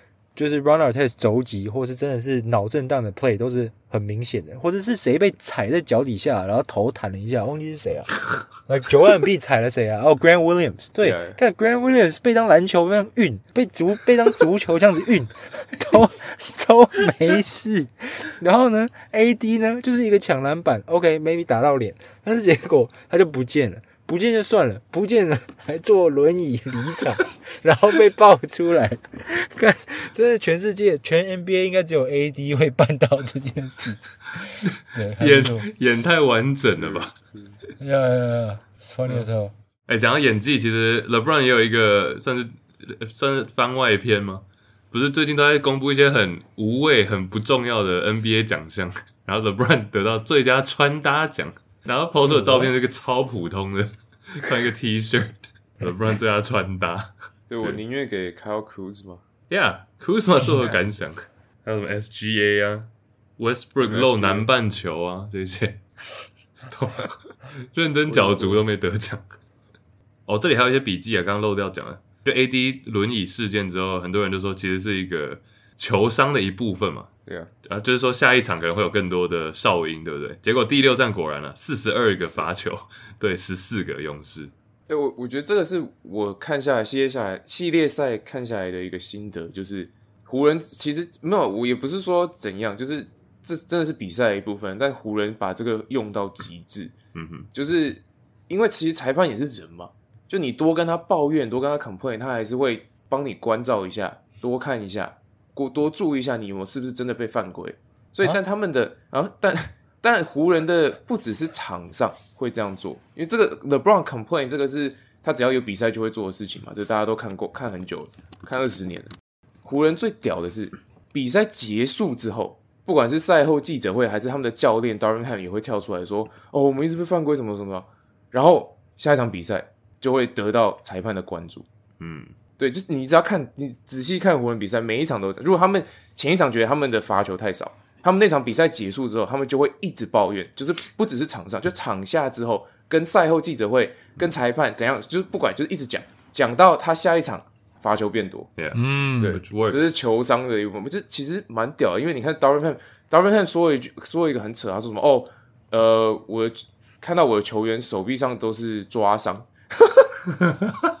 就是 runner test 肘擊，或是真的是腦震盪的 play 都是很明顯的，或者是誰被踩在腳底下，然後頭彈了一下，忘、哦、記是誰啊？那九萬幣踩了誰啊？哦、 oh,，Grant Williams，對，看 Yeah. Grant Williams 被當籃球這樣運，被足被當足球這樣子運，都都沒事。然後呢，AD 呢，就是一個搶籃板，OK，maybe、okay, 打到臉，但是結果他就不見了。不見就算了，不見還坐輪椅離場， 然後被爆出來，看，真的全世界全 NBA 應該只有 AD 會辦到這件事。演演太完整了吧？要要要！說點什麼？哎、嗯，講到演技，其實 LeBron 也有一個算是算是番外篇嗎？不是最近都在公布一些很無謂、很不重要的 NBA 獎項，然後 LeBron 得到最佳穿搭獎，然後 Pose 的照片是一個超普通的。穿一個 T 恤，shirt, 不然對他穿搭。 對,對我寧願給 Kyle Kuzma。Yeah，Kuzma yeah. 作何感想， 還有什麼 SGA 啊，Westbrook、ok、漏南半球啊這些，懂 認真角逐都沒得獎。不用不用哦，這裡還有一些筆記啊，剛剛漏掉講了，就 AD 輪椅事件之後，很多人就說其實是一個球商的一部分嘛。對啊，就是說下一場可能會有更多的哨音，對不對？結果第六戰果然了、啊，四十二個罰球，對十四個勇士。哎，我我覺得這個是我看下來系列下來系列賽看下來的一個心得，就是湖人其實沒有，我也不是說怎樣，就是這真的是比賽的一部分。但湖人把這個用到極致，嗯哼，就是因為其實裁判也是人嘛，就你多跟他抱怨，多跟他 complain，他還是會幫你關照一下，多看一下。過多注意一下，你我是不是真的被犯規？所以，但他們的啊，啊，但但湖人的不只是場上會這樣做，因為這個 LeBron complain 這個是他只要有比賽就會做的事情嘛，就大家都看過看很久了，看二十年了。湖人最屌的是，比賽結束之後，不管是賽後記者會還是他們的教練 Darvin Ham 也會跳出來說：“哦，我們一直被犯規，什麼什麼。”然後下一場比賽就會得到裁判的關注。嗯。對，就你只要看，你仔細看湖人比賽每一場都，如果他們前一場覺得他們的罰球太少，他們那場比賽結束之後，他們就會一直抱怨，就是不只是場上，就場下之後跟賽後記者會、跟裁判怎樣，就是不管，就是一直講講到他下一場罰球變多。嗯 Yeah,、um, 對，which works. 這是球商的一部分，這其實蠻屌的，因為你看 Darvin Ham，Darvin Ham 說一句，說一個很扯，他說什麼？哦，呃，我看到我的球員手臂上都是抓傷。哈哈哈。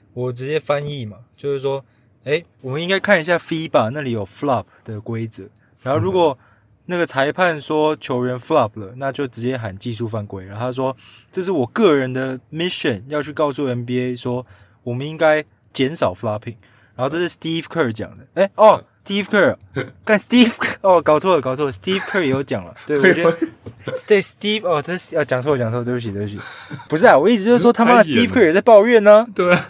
我直接翻譯嘛，就是說，哎，我們應該看一下 FIBA 那裡有 flop 的規則。然後如果那個裁判說球員 flop 了，那就直接喊技術犯規。然後他說，這是我個人的 mission 要去告訴 NBA 說，我們應該減少 flopping。然後這是 Steve Kerr 講的，哎哦。Steve Kerr，但 Steve 哦，搞錯了，搞錯了，Steve Kerr 也有講了， 對我覺得對 Steve 哦，他啊講錯了，講錯了，對不起，對不起，不是啊，我一直就是說他媽的 Steve Kerr 也在抱怨呢、啊，對啊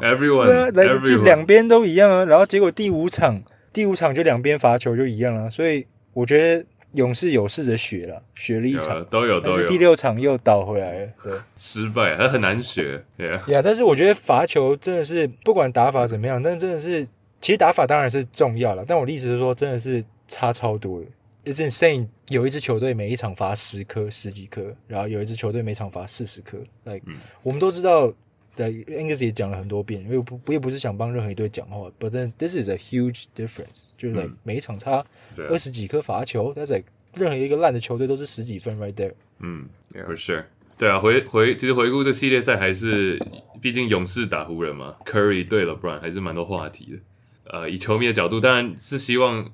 ，Everyone，對啊，兩邊都一樣啊，然後結果第五場第五場就兩邊罰球就一樣了、啊，所以我覺得勇士有試着學了，學了一場，有都，有都有，但是第六場又倒回來了，對， 失敗，他很難學，呀、yeah.，yeah, 但是我覺得罰球真的是不管打法怎麼樣，但真的是。其實打法當然是重要了，但我的意思是說，真的是差超多了。It's insane，有一支球隊每一場罰十顆、十幾顆，然後有一支球隊每一場罰四十顆。Like，、嗯、我們都知道在 Angus 也講了很多遍，因為不，我也不是想幫任何一隊講話。But then this is a huge difference，、嗯、就是每一場差二十幾顆罰球，但在、啊 like, 任何一個爛的球隊都是十幾分，right there。嗯 Yeah. for sure。對啊，回回其實回顧這個系列賽，還是畢竟勇士打湖人嘛，Curry 對了 LeBron 還是蠻多話題的。呃，以球迷的角度，當然是希望。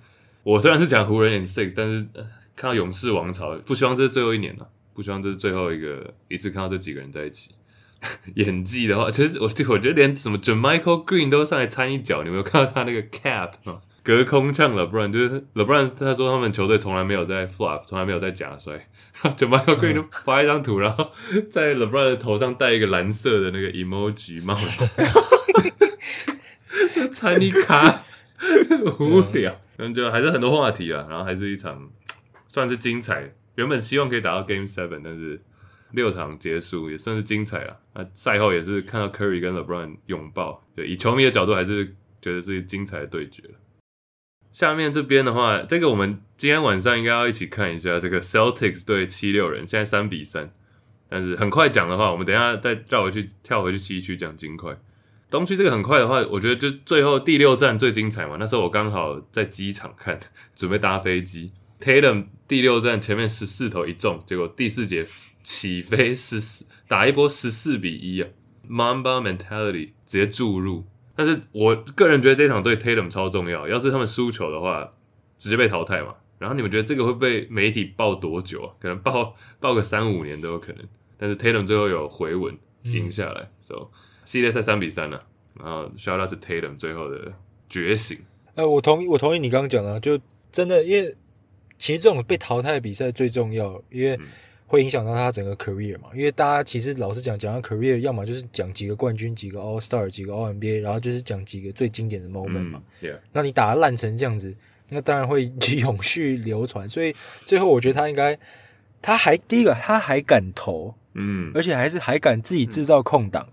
我雖然是講湖人演 six，但是，呃、看到勇士王朝，不希望這是最後一年了，啊，不希望這是最後一個一次看到這幾個人在一起。 演技的話，其，就，實，是，我我覺得連什麼 JaMychal、erm、Green 都上來摻一腳。你有沒有看到他那個 cap，嗯、隔空嗆 LeBron？就是 LeBron，他說他們球隊從來沒有在 flop，從來沒有在假摔。JaMychal、erm、Green 發一張圖，嗯，然後在 LeBron 的頭上戴一個藍色的那個 emoji 帽子。 踩 你卡 無聊，那 Yeah.、嗯、就還是很多話題啊。然後還是一場算是精彩。原本希望可以打到 Game Seven，但是六場結束也算是精彩了。那、啊、賽後也是看到 Curry 跟 LeBron 擁抱，對，以球迷的角度還是覺得是精彩的對決。下面這邊的話，這個我們今天晚上應該要一起看一下這個 Celtics 對七六人，現在三比三，但是很快講的話，我們等一下再繞回去跳回去西區講金塊。東區這個很快的話，我覺得就最後第六戰最精彩嘛。那時候我剛好在機場看，準備搭飛機。Tatum 第六戰前面十四投一中，結果第四節起飛十四打一波十四比一啊，Mamba mentality 直接注入。但是我個人覺得這場對 Tatum 超重要，要是他們輸球的話，直接被淘汰嘛。然後你們覺得這個會被媒體爆多久、啊？可能爆爆個三五年都有可能。但是 Tatum 最後有回穩贏下來、嗯、，so。系列賽三比三呢、啊，然後 shout out to Tatum 最後的覺醒。呃，我同意，我同意你剛剛講的，就真的，因為其實這種被淘汰的比賽最重要，因為會影響到他整個 career 嘛。因為大家其實老是講，講到 career，要麼就是講幾個冠軍，幾個 All Star，幾個 All NBA，然後就是講幾個最經典的 moment 嘛。嗯 yeah. 那你打得爛成這樣子，那當然會永續流傳。所以最後，我覺得他應該，他還第一個，他還敢投，嗯，而且還是還敢自己制造空檔。嗯嗯。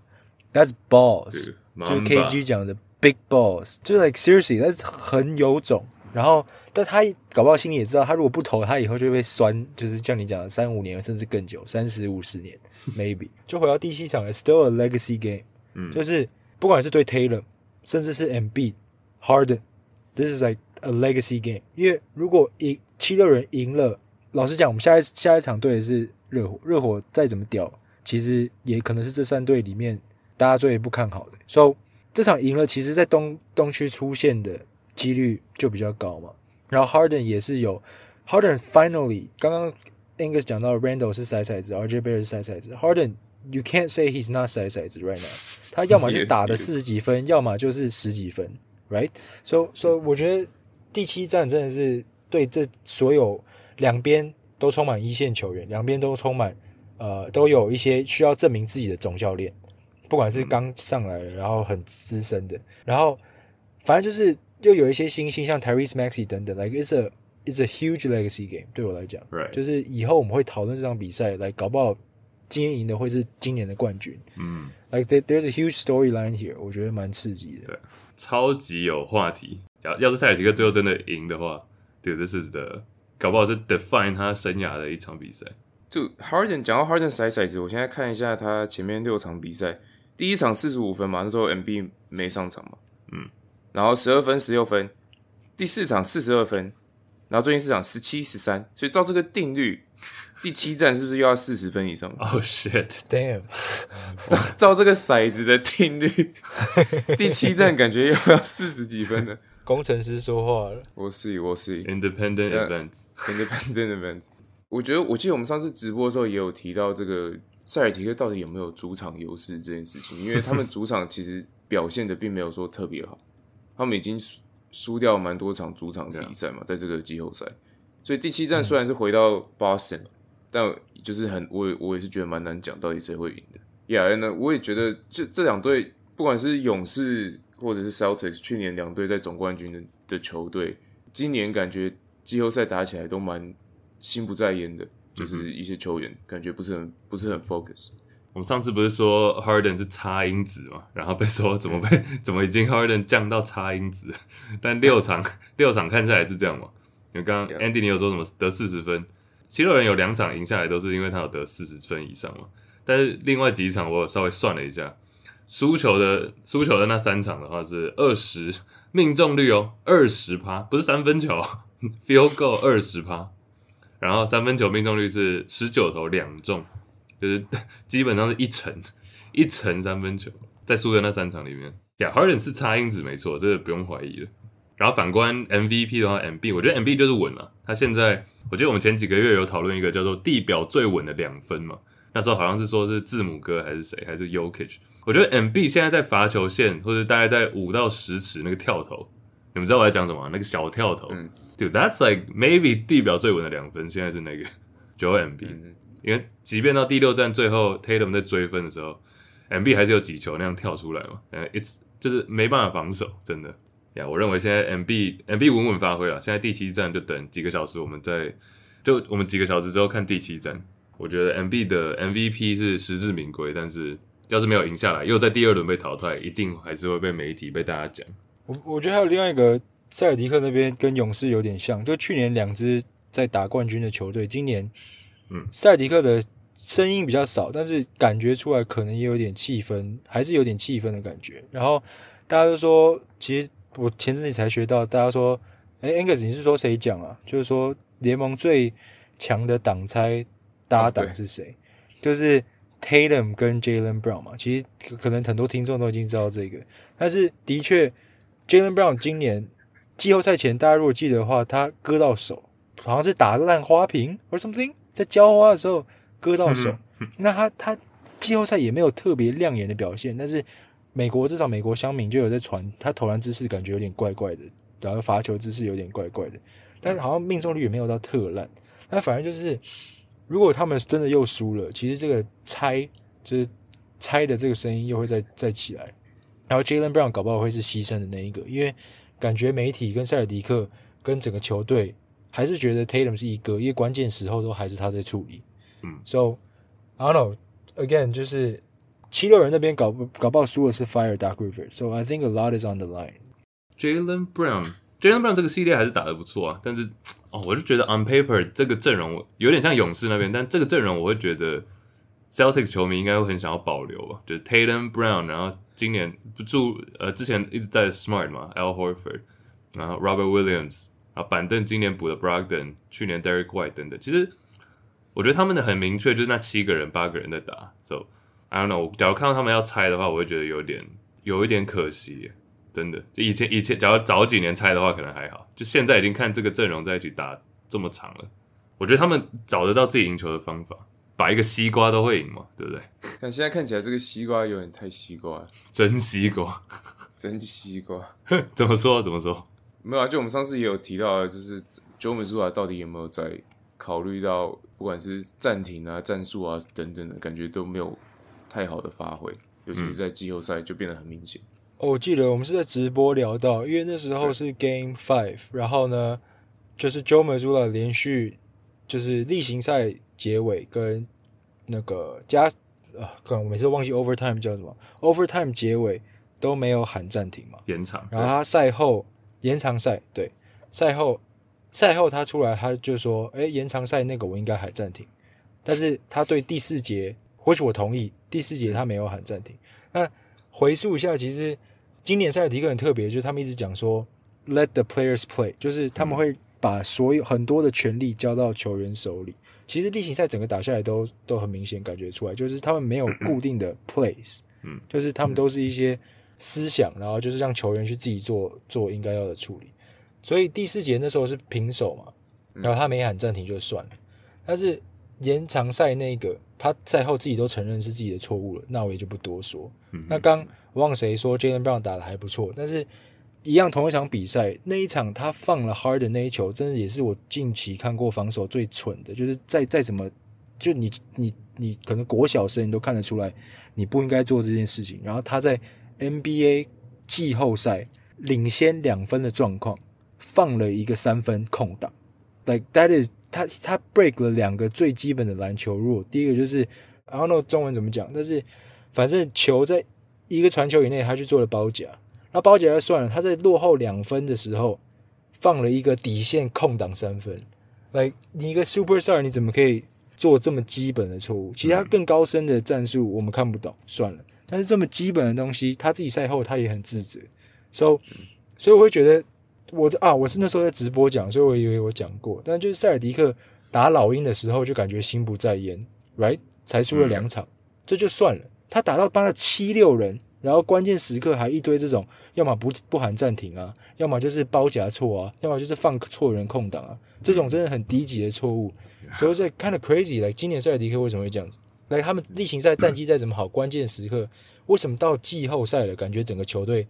That's balls， Dude, 就是 K G 講的 big balls，amba 就是 like seriously，但是很有種。然後，但他搞不好心裡也知道，他如果不投，他以後就會被酸，就是像你講的三五年，甚至更久，三十五十年，maybe 就回到第七場 ，still a legacy game，嗯。就是不管是對 Tatum，甚至是 M B Harden，this is like a legacy game。因為如果贏七六人贏了，老實講，我們下一下一場隊也是熱火，熱火再怎麼屌，其實也可能是這三隊裡面。大家最不看好的，所、so，以這場贏了，其實在東東區出現的幾率就比較高嘛。然後 Harden 也是有 Harden finally，剛剛 Angus 講到 Randall 是塞塞子，RJ Barrett 是塞塞子。Harden you can't say he's not 塞塞子 right now。他要麼就打的四十幾分，是要麼就是十幾分 right。So, so 我覺得第七戰真的是對這所有兩邊都充滿一線球員，兩邊都充滿呃，都有一些需要證明自己的總教練。不管是剛上來，的、嗯、然後很資深的，然後反正就是又有一些新星，星，像 Tyrese Maxey 等等，Like it's a it's a huge legacy game。對我來講，Right. 就是以後我們會討論這場比賽，來搞不好今天贏的會是今年的冠軍。嗯，Like there's a huge storyline here，我覺得蠻刺激的，對超級有話題。要要是塞爾提克最後真的贏的話，Dude, this is the，搞不好是 define 他生涯的一場比賽。就 Harden 講到 Harden 甩骰子，我現在看一下他前面六場比賽。第一場四十五分嘛，那時候 M B 沒上場嘛，嗯，然後十二分、十六分，第四場四十二分，然後最近四場十七、十三，所以照這個定律，第七站是不是又要四十分以上？Oh shit, damn！照照這個骰子的定律，第七站感覺又要四十幾分了。 工程師說話了，我是，我是，Independent Events，Independent Events。Yeah, 我覺得，我記得我們上次直播的時候也有提到這個。塞爾提克到底有沒有主場優勢這件事情，因為他們主場其實表現的並沒有說特別好， 他們已經輸輸掉蠻多場主場的比賽嘛，在這個季後賽，所以第七戰雖然是回到 Boston，嗯、但就是很我我也是覺得蠻難講到底誰會贏的。亞安呢，我也覺得這這兩隊，不管是勇士或者是 Celtics，去年兩隊在總冠軍的的球隊，今年感覺季後賽打起來都蠻心不在焉的。就是一些球員感覺不是很不是很 focus。我們上次不是說 Harden 是 X 因子嘛，然後被說怎麼被怎麼已經 Harden 降到 X 因子，但六場 六場看下來是這樣嘛？因為剛剛 Andy 你有說什麼得四十分，七六人有兩場贏下來都是因為他有得四十分以上嘛。但是另外幾場我有稍微算了一下，輸球的輸球的那三場的話是二十命中率哦、喔，二十趴不是三分球、喔、，feel go 二十趴。然後三分球命中率是十九投兩中，就是基本上是一成一成三分球，在輸的那三場裡面，呀，好像是差因子沒錯，這個不用懷疑了。然後反觀 MVP 的話，MB，我覺得 MB 就是穩了。他現在，我覺得我們前幾個月有討論一個叫做“地表最穩的兩分”嘛，那時候好像是說是字母哥還是誰，還是 Jokic。我覺得 MB 現在在罰球線或者大概在五到十尺那個跳投，你們知道我在講什麼啊？那個小跳投。嗯對，That's like maybe 地表最穩的兩分，現在是那個 j M B，因為即便到第六戰最後 Tatum 在追分的時候，M B 還是有幾球那樣跳出來嘛，嗯就是沒辦法防守，真的呀。Yeah, 我認為現在 M B M B 穩穩發揮了，現在第七戰就等幾個小時，我們再就我們幾個小時之後看第七戰。我覺得 M B 的 M V P 是實至名歸，但是要是沒有贏下來，又在第二輪被淘汰，一定還是會被媒體被大家講。我我覺得還有另外一個。塞爾迪克那邊跟勇士有點像，就去年兩支在打冠軍的球隊，今年，嗯，塞爾迪克的聲音比較少，但是感覺出來可能也有點氣氛，還是有點氣氛的感覺。然後大家都說，其實我前陣子才學到，大家說，哎，Angus，你是說誰講啊？就是說聯盟最強的擋拆搭檔是誰？啊，就是 Tatum 跟 Jalen Brown 嘛。其實可能很多聽眾都已經知道這個，但是的確，Jalen Brown 今年。季後賽前，大家如果記得的話，他割到手，好像是打爛花瓶 or something，在澆花的時候割到手。 那他他季後賽也沒有特別亮眼的表現，但是美國至少美國鄉民就有在傳，他投籃姿勢感覺有點怪怪的，然後罰球姿勢有點怪怪的，但是好像命中率也沒有到特爛。那反而就是，如果他們真的又輸了，其實這個猜就是猜的這個聲音又會再再起來。然後 Jaylen Brown 搞不好會是犧牲的那一個，因為。感覺媒體跟塞爾迪克跟整個球隊還是覺得 Tatum 是一個，因為關鍵時候都還是他在處理。嗯，So，I don't know, again 就是七六人那邊搞，搞不好輸的是 Fire Doc Rivers，so I think a lot is on the line。Jalen Brown，Jalen Brown 這個系列還是打得不錯啊，但是哦，我就覺得 on paper 這個陣容有點像勇士那邊，但這個陣容我會覺得 Celtics 球迷應該會很想要保留吧，就是 Tatum Brown，然後。今年不住呃、之前一直在 Smart 嘛，Al Horford，然後 Robert Williams 啊，板凳今年補了 Brogdon，去年 Derrick White 等等，其實我覺得他們的很明確，就是那七個人八個人在打，so, I don't know，我假如看到他們要拆的話，我會覺得有點有一點可惜，真的。就以前以前，假如早幾年拆的話，可能還好，就現在已經看這個陣容在一起打這麼長了，我覺得他們找得到自己贏球的方法。擺一個西瓜都會贏嘛，對不對？但現在看起來這個西瓜有點太西瓜，真西瓜，真西瓜 怎、啊，怎麼說？怎麼說？沒有啊，就我們上次也有提到，就是九美輸了，到底有沒有在考慮到不管是暫停啊、戰術啊等等的，感覺都沒有太好的發揮，嗯、尤其是在季後賽就變得很明顯。哦，我記得我們是在直播聊到，因為那時候是 Game Five，對然後呢，就是九美輸了，連續就是例行賽。結尾跟那個加呃、啊，可能我每次都忘記 overtime 叫什麼 overtime 結尾都沒有喊暫停嘛，延長。然後他賽後對延長賽，對賽後賽後他出來，他就說：“哎，延長賽那個我應該喊暫停。”但是他對第四節或許我同意，第四節他沒有喊暫停。那回溯一下，其實今年塞爾提克很特別，就是他們一直講說 “let the players play”，就是他們會把所有很多的權利交到球員手裡。嗯其實例行賽整個打下來都都很明顯感覺出來，就是他們沒有固定的 plays 嗯，就是他們都是一些思想，然後就是讓球員去自己做做應該要的處理。所以第四節那時候是平手嘛，然後他沒喊暫停就算了。但是延長賽那個他賽後自己都承認是自己的錯誤了，那我也就不多說。那剛忘誰說 Jaylen Brown 打得還不錯，但是。一樣同一場比賽那一場他放了 Harden 那一球，真的也是我近期看過防守最蠢的，就是再再怎麼就你你你可能國小生你都看得出來，你不應該做這件事情。然後他在 NBA 季後賽領先兩分的狀況，放了一個三分空檔，like that is 他他 break 了兩個最基本的籃球 rule，第一個就是 I don't know 中文怎麼講，但是反正球在一個傳球以內，他去做了包夾。那、啊、包起來就算了。他在落後兩分的時候，放了一個底線空檔三分。來，你一個 super star，你怎麼可以做這麼基本的錯誤？其他更高深的戰術我們看不懂，算了。但是這麼基本的東西，他自己賽後他也很自責。So，所以我會覺得我啊，我是那時候在直播講，所以我以為我講過。但就是塞爾迪克打老鷹的時候，就感覺心不在焉。t、right? 才輸了兩場，這就算了。他打到幫他七六人。然後關鍵時刻還一堆這種，要麼不不喊暫停啊，要麼就是包夾錯啊，要麼就是放錯人空檔啊，這種真的很低級的錯誤。所以，這 kind of crazy 來、like,，今年塞爾提克為什麼會這樣子？來、like,，他們例行賽戰績再怎麼好，Yeah. 關鍵時刻為什麼到季後賽了，感覺整個球隊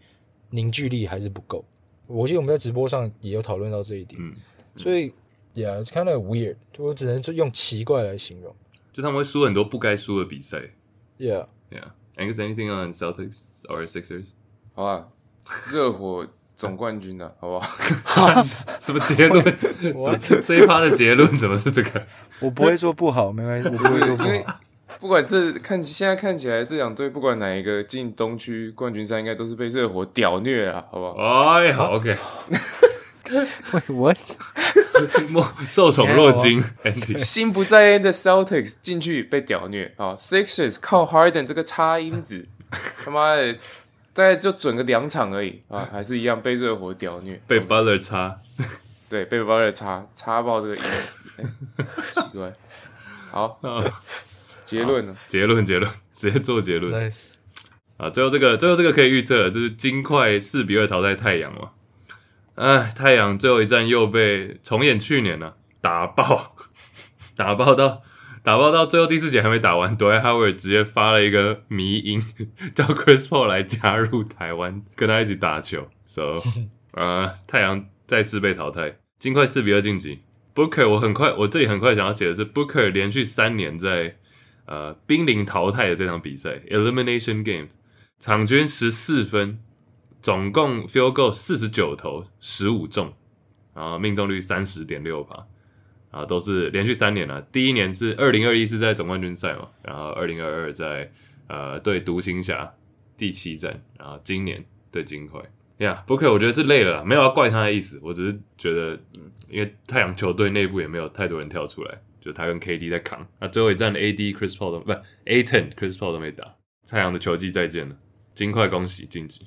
凝聚力還是不夠？我記得我們在直播上也有討論到這一點。嗯嗯、所以，yeah，it's kind of weird，我只能用奇怪來形容。就他們會輸很多不該輸的比賽。Yeah，yeah。Yeah. Angus，anything on Celtics or Sixers？好吧熱火總冠軍的、啊、 好不好？ 什麼結論？這一趴的結論怎麼是這個？我不會說不好，沒關係， 我不會說不好，因為 不管這看現在看起來這兩隊，不管哪一個進東區冠軍賽，應該都是被熱火屌虐啊，好不好？哎，好，OK。 我 Wait , 受寵若驚， Andy 心不在焉的 Celtics 進去被屌虐啊！Sixers 靠 Harden 這個插因子，他媽的，大概就準個兩場而已啊，還是一樣被熱火屌虐，被 Butler 插、okay，對， 被 Butler 插插爆這個因子、欸，奇怪。好，oh. 結論呢？結論，結論，直接做結論。Nice. 啊，最後這個，最後這個可以預測，就是金塊四比二淘汰太陽嘛。哎、呃，太陽最後一戰又被重演去年呢、啊，打爆，打爆到，打爆到最後第四節還沒打完，對 哈維爾直接發了一個迷音，叫 Chris Paul 來加入台灣跟他一起打球。So，啊、呃，太陽再次被淘汰，金塊四比二晉級。Booker，我很快，我這裡很快想要寫的是，Booker 連續三年在呃瀕臨淘汰的這場比賽，Elimination Games，場均十四分。總共 field go 四十九投十五中，然後命中率三十點六趴，然後都是連續三年了、啊。第一年是二零二一是在總冠軍賽嘛，然後二零二二在呃對獨行俠第七戰，然後今年對金塊。哎呀，布克，我覺得是累了啦，沒有要怪他的意思，我只是覺得，嗯，因為太陽球隊內部也沒有太多人跳出來，就他跟 KD 在扛。那、啊、最後一戰的 AD Chris Paul 都不、啊、A ten Chris Paul 都沒打，太陽的球季再見了。金塊恭喜晉級。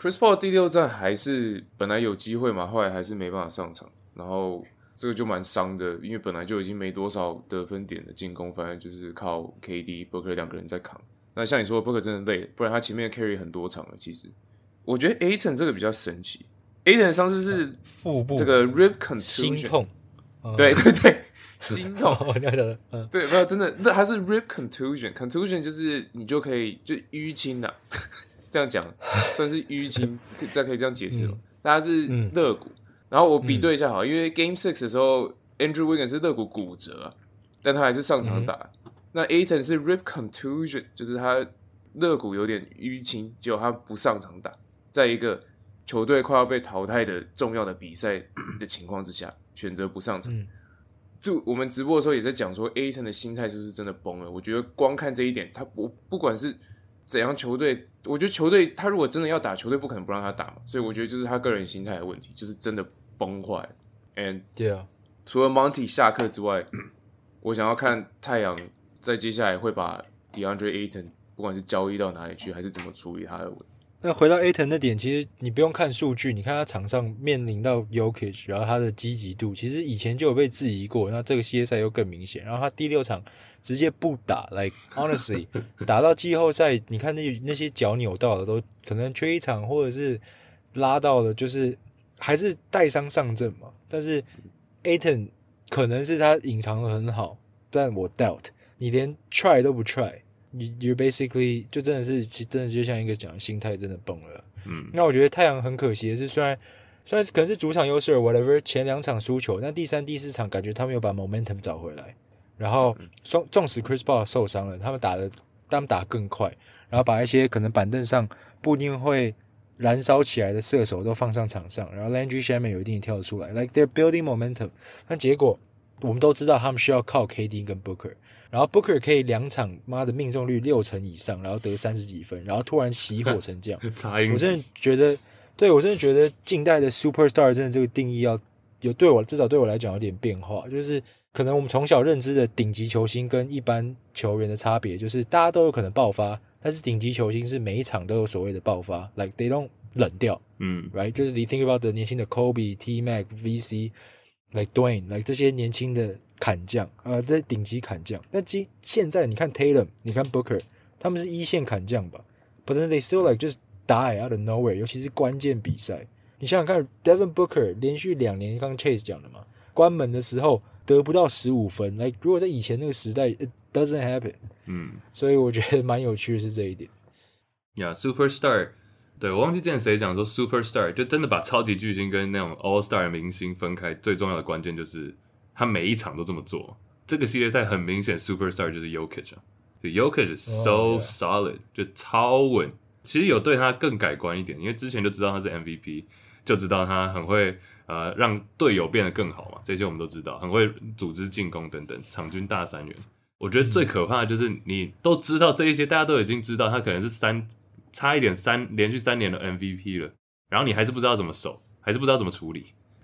Chris Paul 第六戰，還是本來有機會嘛，後來還是沒辦法上場，然後這個就蠻傷的，因為本來就已經沒多少得分點的進攻，反正就是靠 KD、Booker 兩個人在扛。那像你說 Booker 真的累了，不然他前面 carry 很多場了。其實我覺得 Ayton 這個比較神奇 Ayton 上次是 usion, 腹部這個 rib contusion，心痛對，對對對，的心痛。 對，沒有真的，那還是 rib contusion，contusion cont 就是你就可以就淤青的、啊。這樣講 算是淤青，再可以這樣解釋了。家、嗯、是肋骨，嗯、然後我比對一下好了，嗯、因為 Game Six 的時候，Andrew Wiggins 是肋骨骨折，但他還是上場打。嗯、那 Ayton 是 Rib Contusion，就是他肋骨有點淤青，結果他不上場打。在一個球隊快要被淘汰的重要的比賽的情況之下，嗯、選擇不上場。嗯、就我們直播的時候也在講說，Ayton 的心態是不是真的崩了？我覺得光看這一點，他不不管是。怎樣球隊？我覺得球隊他如果真的要打，球隊不可能不讓他打嘛。所以我覺得這是他個人心態的問題，就是真的崩壞。And 對啊，除了 Monty 下課之外，我想要看太陽在接下來會把 DeAndre Ayton 不管是交易到哪裡去，還是怎麼處理他的問題。那回到 Ayton 的點，其實你不用看數據，你看他場上面臨到 Jokic、ok、然後他的積極度，其實以前就有被質疑過。那這個系列賽又更明顯，然後他第六場直接不打，Like honestly， 打到季後賽，你看那那些腳扭到的都可能缺一場，或者是拉到的，就是還是帶傷上陣嘛。但是 Ayton 可能是他隱藏得很好，但我 doubt，你連 try 都不 try。你 you basically 就真的是，真的就像一個講心態真的崩了。嗯，那我覺得太陽很可惜的是，雖然，雖然是可能是主場優勢，whatever，前兩場輸球，但第三、第四場感覺他們有把 momentum 找回來。然後，縱使 Chris Paul 受傷了，他們打的單打更快，然後把一些可能板凳上不一定會燃燒起來的射手都放上場上，然後 Landry Shamet 有一定的跳得出來，like they're building momentum。但結果、嗯、我們都知道，他們需要靠 KD 跟 Booker。然後 Booker 可以兩場媽的命中率六成以上，然後得三十幾分，然後突然熄火成這樣， 差 我真的覺得，對，我真的覺得近代的 Superstar 真的這個定義要有對我至少對我來講有點變化，就是可能我們從小認知的頂級球星跟一般球員的差別，就是大家都有可能爆發，但是頂級球星是每一場都有所謂的爆發，like they don't 冷掉，嗯，right 就是你 think about the 年輕的 Kobe, T Mac, VC, like Dwayne, like 這些年輕的。砍將啊，這、呃、頂級砍將。但今現在你看 Taylor，你看 Booker，他們是一線砍將吧？But they still like just die out of nowhere，尤其是關鍵比賽。你想想看，Devin Booker 連續兩年剛 Chase 講的嘛，關門的時候得不到十五分。Like 如果在以前那個時代，it doesn't happen。嗯，所以我覺得蠻有趣的是這一點。Yeah，superstar。對我忘記之前誰講說 superstar 就真的把超級巨星跟那種 all star 明星分開，最重要的關鍵就是。他每一場都這麼做，這個系列賽很明顯，Superstar 就是 Jokic 啊，對 Jokic so solid，oh, yeah, 就超穩。其實有對他更改觀一點，因為之前就知道他是 MVP，就知道他很會呃讓隊友變得更好嘛，這些我們都知道，很會組織進攻等等，場均大三元。我覺得最可怕的就是你都知道這一些，大家都已經知道他可能是三差一點三連續三年的 MVP 了，然後你還是不知道怎麼守，還是不知道怎麼處理。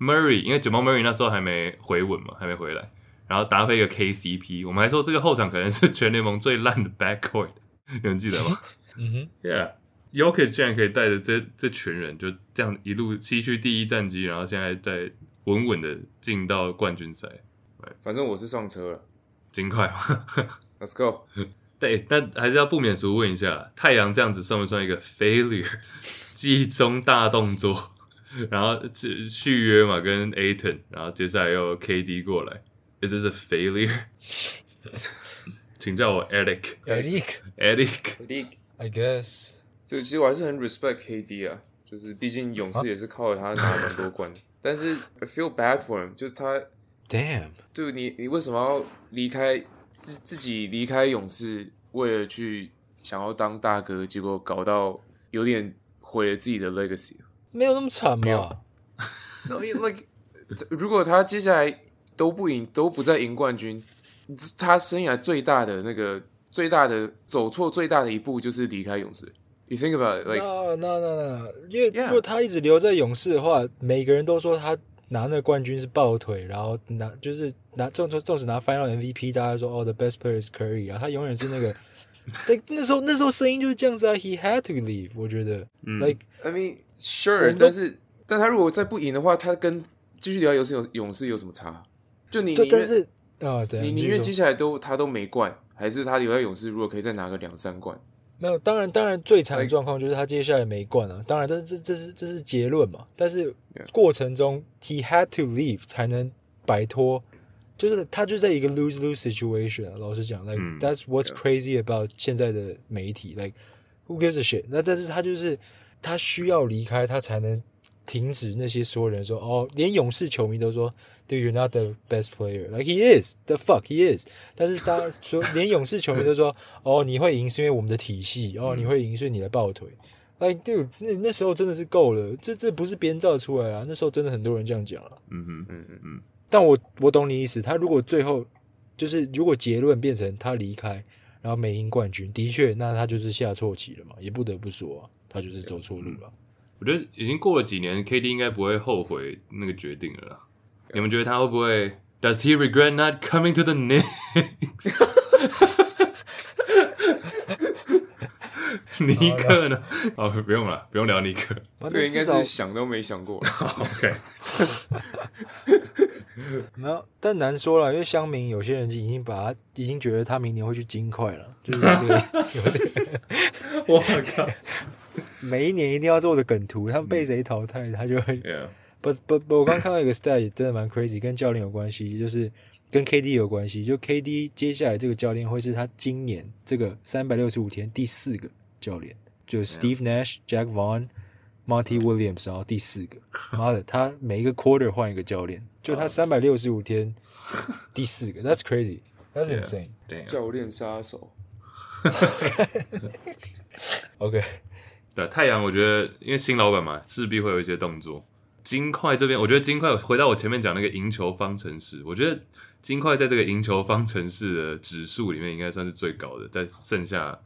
Murray，因為 Jamal Murray 那時候還沒回穩嘛，還沒回來，然後搭配一個 KCP，我們還說這個後場可能是全聯盟最爛的 Backcourt，你們記得嗎？嗯哼，Yeah，Jokic 竟然可以帶着這這群人就這樣一路西區第一戰績，然後現在在穩穩的進到冠軍賽。Right. 反正我是上車了，盡快嘛，Let's go。 對，但還是要不免俗問一下，太陽這樣子算不算一個 failure 季中大動作？然後這續約嘛，跟 Aton，然後接下來又 KD 過來，這是 failure， 請叫我 Eric，Eric，Eric，Eric，I guess，就其實我還是很 respect KD 啊，就是畢竟勇士也是靠着他拿了蠻多冠，Huh? 但是 I feel bad for him，就他，Damn，就你你為什麼要離開自自己離開勇士，為了去想要當大哥，結果搞到有點毀了自己的 legacy。沒有那麼慘嘛，沒、Yeah. No, like, 如果他接下來都不贏，都不再贏冠軍，他生涯最大的那個最大的走錯最大的一步就是離開勇士。你 think about it, like 啊，那那那，因為如果他一直留在勇士的話，Yeah. 每個人都說他拿那個冠軍是抱腿，然後拿就是拿縱縱使拿 Final MVP，大家說哦、oh,，the best player is Curry 啊，他永遠是那個。 但、 like, 那時候，那時候聲音就是這樣子啊。He had to leave。我覺得，Like、嗯、I mean, sure，但是，但他如果再不贏的話，他跟繼續留在勇士有士有什麼差？就你，就願但是啊，對，你寧願接下來都他都沒冠，還是他留在勇士？如果可以再拿個兩三冠，沒有，當然，當然，最慘的狀況就是他接下來沒冠了、啊。當然，但這這這是這是結論嘛？但是過程中 Yeah.，He had to leave 才能擺脫。就是他就在一個 lose lose situation、啊。老實講，like that's what's crazy about 現在的媒體，like who gives a shit。那但是他就是他需要離開，他才能停止那些所有人說哦，連勇士球迷都說，dude, you're not the best player，like he is，the fuck he is。但是他說連勇士球迷都說，哦、oh,，你會贏是因為我們的體系，哦、oh,，你會贏是你的抱腿。哎，對，那那時候真的是夠了，這這不是編造出來啊，那時候真的很多人這樣講了、啊。嗯嗯嗯嗯嗯。Hmm, mm hmm. 但我我懂你意思，他如果最後就是如果結論變成他離開，然後沒贏冠軍，的確，那他就是下錯棋了嘛，也不得不說啊，他就是走錯路了。Okay. 嗯。我覺得已經過了幾年，KD 應該不會後悔那個決定了啦。Okay. 你們覺得他會不會？Does he regret not coming to the Knicks？ 尼克呢？哦，oh, yeah. oh, 不用了，不用聊尼克。啊、這個應該是想都沒想過。Oh, OK，沒有，但難說了，因為鄉民有些人已經把他，已經覺得他明年會去金塊了，就是這個。我靠！每一年一定要做的梗圖，他們被誰淘汰，他就會。不不不，我剛看到一個 study，真的蠻 crazy，跟教練有關係，就是跟 KD 有關係。就 KD 接下來這個教練會是他今年這個三百六十五天第四個。教練就 Steve Nash、Jack Vaughn、Monty Williams，Yeah. 然後第四個，媽的，他每一個 quarter 換一個教練，就他三百六十五天第四個，That's crazy，That's insane，教練殺手。 OK，對太陽，我覺得因為新老板嘛，勢必會有一些動作。金塊這邊，我覺得金塊回到我前面講那個贏球方程式，我覺得金塊在這個贏球方程式的指數裡面應該算是最高的，在剩下。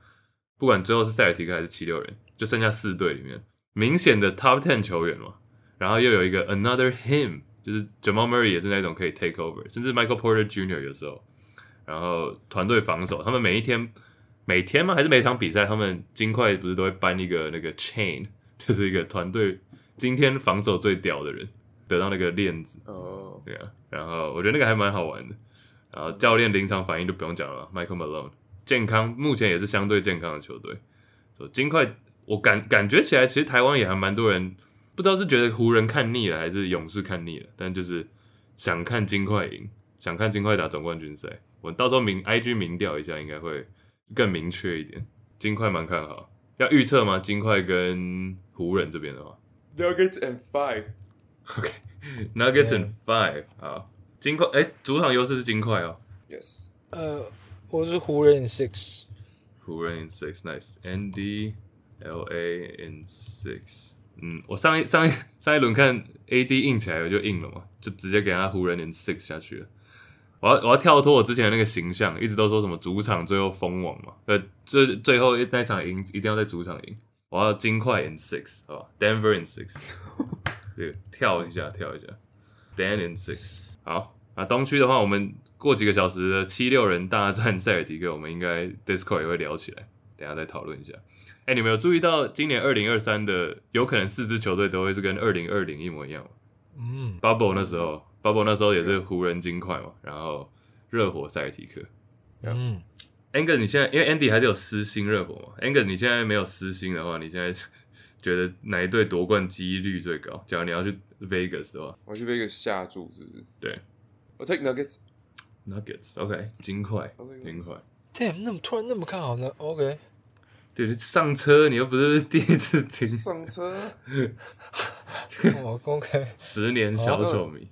不管最後是塞爾提克還是七六人，就剩下四隊裡面明顯的 Top Ten 球員嘛，然後又有一個 Another Him，就是 Jamal Murray 也是那種可以 Take Over，甚至 Michael Porter Jr 有時候，然後團隊防守，他們每一天每天嗎？還是每一場比賽，他們金塊不是都會搬一個那個 Chain，就是一個團隊今天防守最屌的人得到那個鏈子哦，對啊，然後我覺得那個還蠻好玩的，然後教練臨場反應就不用講了，Michael Malone。健康目前也是相對健康的球隊，所以金塊，我感感覺起來，其實台灣也還蠻多人不知道是覺得湖人看膩了，還是勇士看膩了，但就是想看金塊贏，想看金塊打總冠軍賽。我到時候明 IG 民調一下，應該會更明確一點。金塊蠻看好，要預測嗎？金塊跟湖人這邊的話，Nuggets and Five，OK，Nuggets、okay. and Five，好，金塊，哎，主場優勢是金塊哦，Yes，呃、uh。我是湖人 in six，湖人 in six nice，N D L A in six，嗯，我上一上一上一輪看 A D 硬起來我就硬了嘛，就直接給他湖人 in six 下去了。我要我要跳脫我之前的那個形象，一直都說什麼主場最後封王嘛，呃，最最後一那場贏一定要在主場贏，我要金塊 in six 好吧，Denver in six，對、 這個，跳一下跳一下，Dan in six 好。啊，東區的話，我們過幾個小時的七六人大戰賽爾迪克，我們應該 Discord 也會聊起來，等一下再討論一下。哎、欸，你們有注意到今年二零二三的有可能四支球隊都會是跟二零二零一模一樣嗎？嗯，Bubble 那時候、嗯、，Bubble 那時候也是湖人金塊嘛，嗯、然後熱火賽爾迪克。嗯，Angus，你現在因為 Andy 還是有私心熱火嘛？Angus，你現在沒有私心的話，你現在覺得哪一隊奪冠幾率最高？假如你要去 Vegas 的話，我要去 Vegas 下注是不是？對。我 take nuggets, nuggets, OK, 金塊，金塊，Okay。Damn，那麼突然那麼看好呢？OK，對，上車，你又不是第一次聽。上車。我公開十年小丑迷。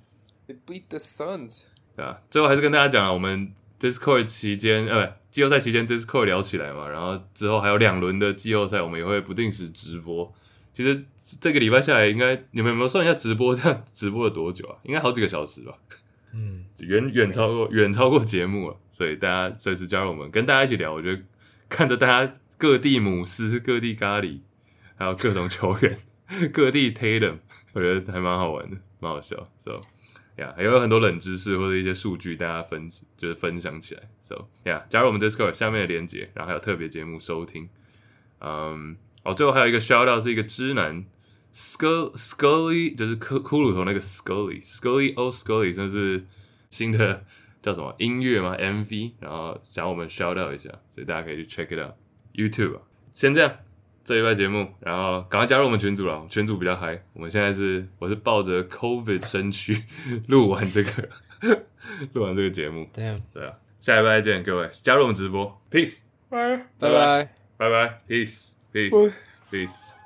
Oh, it beat the suns. 啊，最後還是跟大家講啊，我們 Discord 期間呃，啊不，季後賽期間 Discord 聊起來嘛，然後之後還有兩輪的季後賽，我們也會不定時直播。其實這個禮拜下來應該，應該你們有沒有算一下直播這樣直播了多久啊？應該好幾個小時吧。嗯，遠遠超過遠 Okay. 超過節目了，所以大家隨時加入我們，跟大家一起聊。我覺得看着大家各地姆斯、各地咖喱，還有各種球員、 各地 Tatum，我覺得還蠻好玩的，蠻好笑。So，呀、yeah,，也有很多冷知識或者一些數據，大家分就是分享起來。So，呀、yeah,，加入我們 Discord 下面的連接，然後還有特別節目收聽。嗯，好、哦，最後還有一個 shout out 是一個汁男。Scully，Sc 就是骷骷髏頭那個 Scully，Scully Old Scully，算是，是新的叫什麼音樂嗎？MV，然後想要我們 shout out 一下，所以大家可以去 check it out YouTube，啊。先這樣，這一拜節目，然後趕快加入我們群組了，群組比較嗨。我們現在是我是抱着 COVID 身軀錄完這個錄完這個節目，對啊，對啊，下一拜見各位，加入我們直播，peace，拜拜拜拜，peace，peace，peace。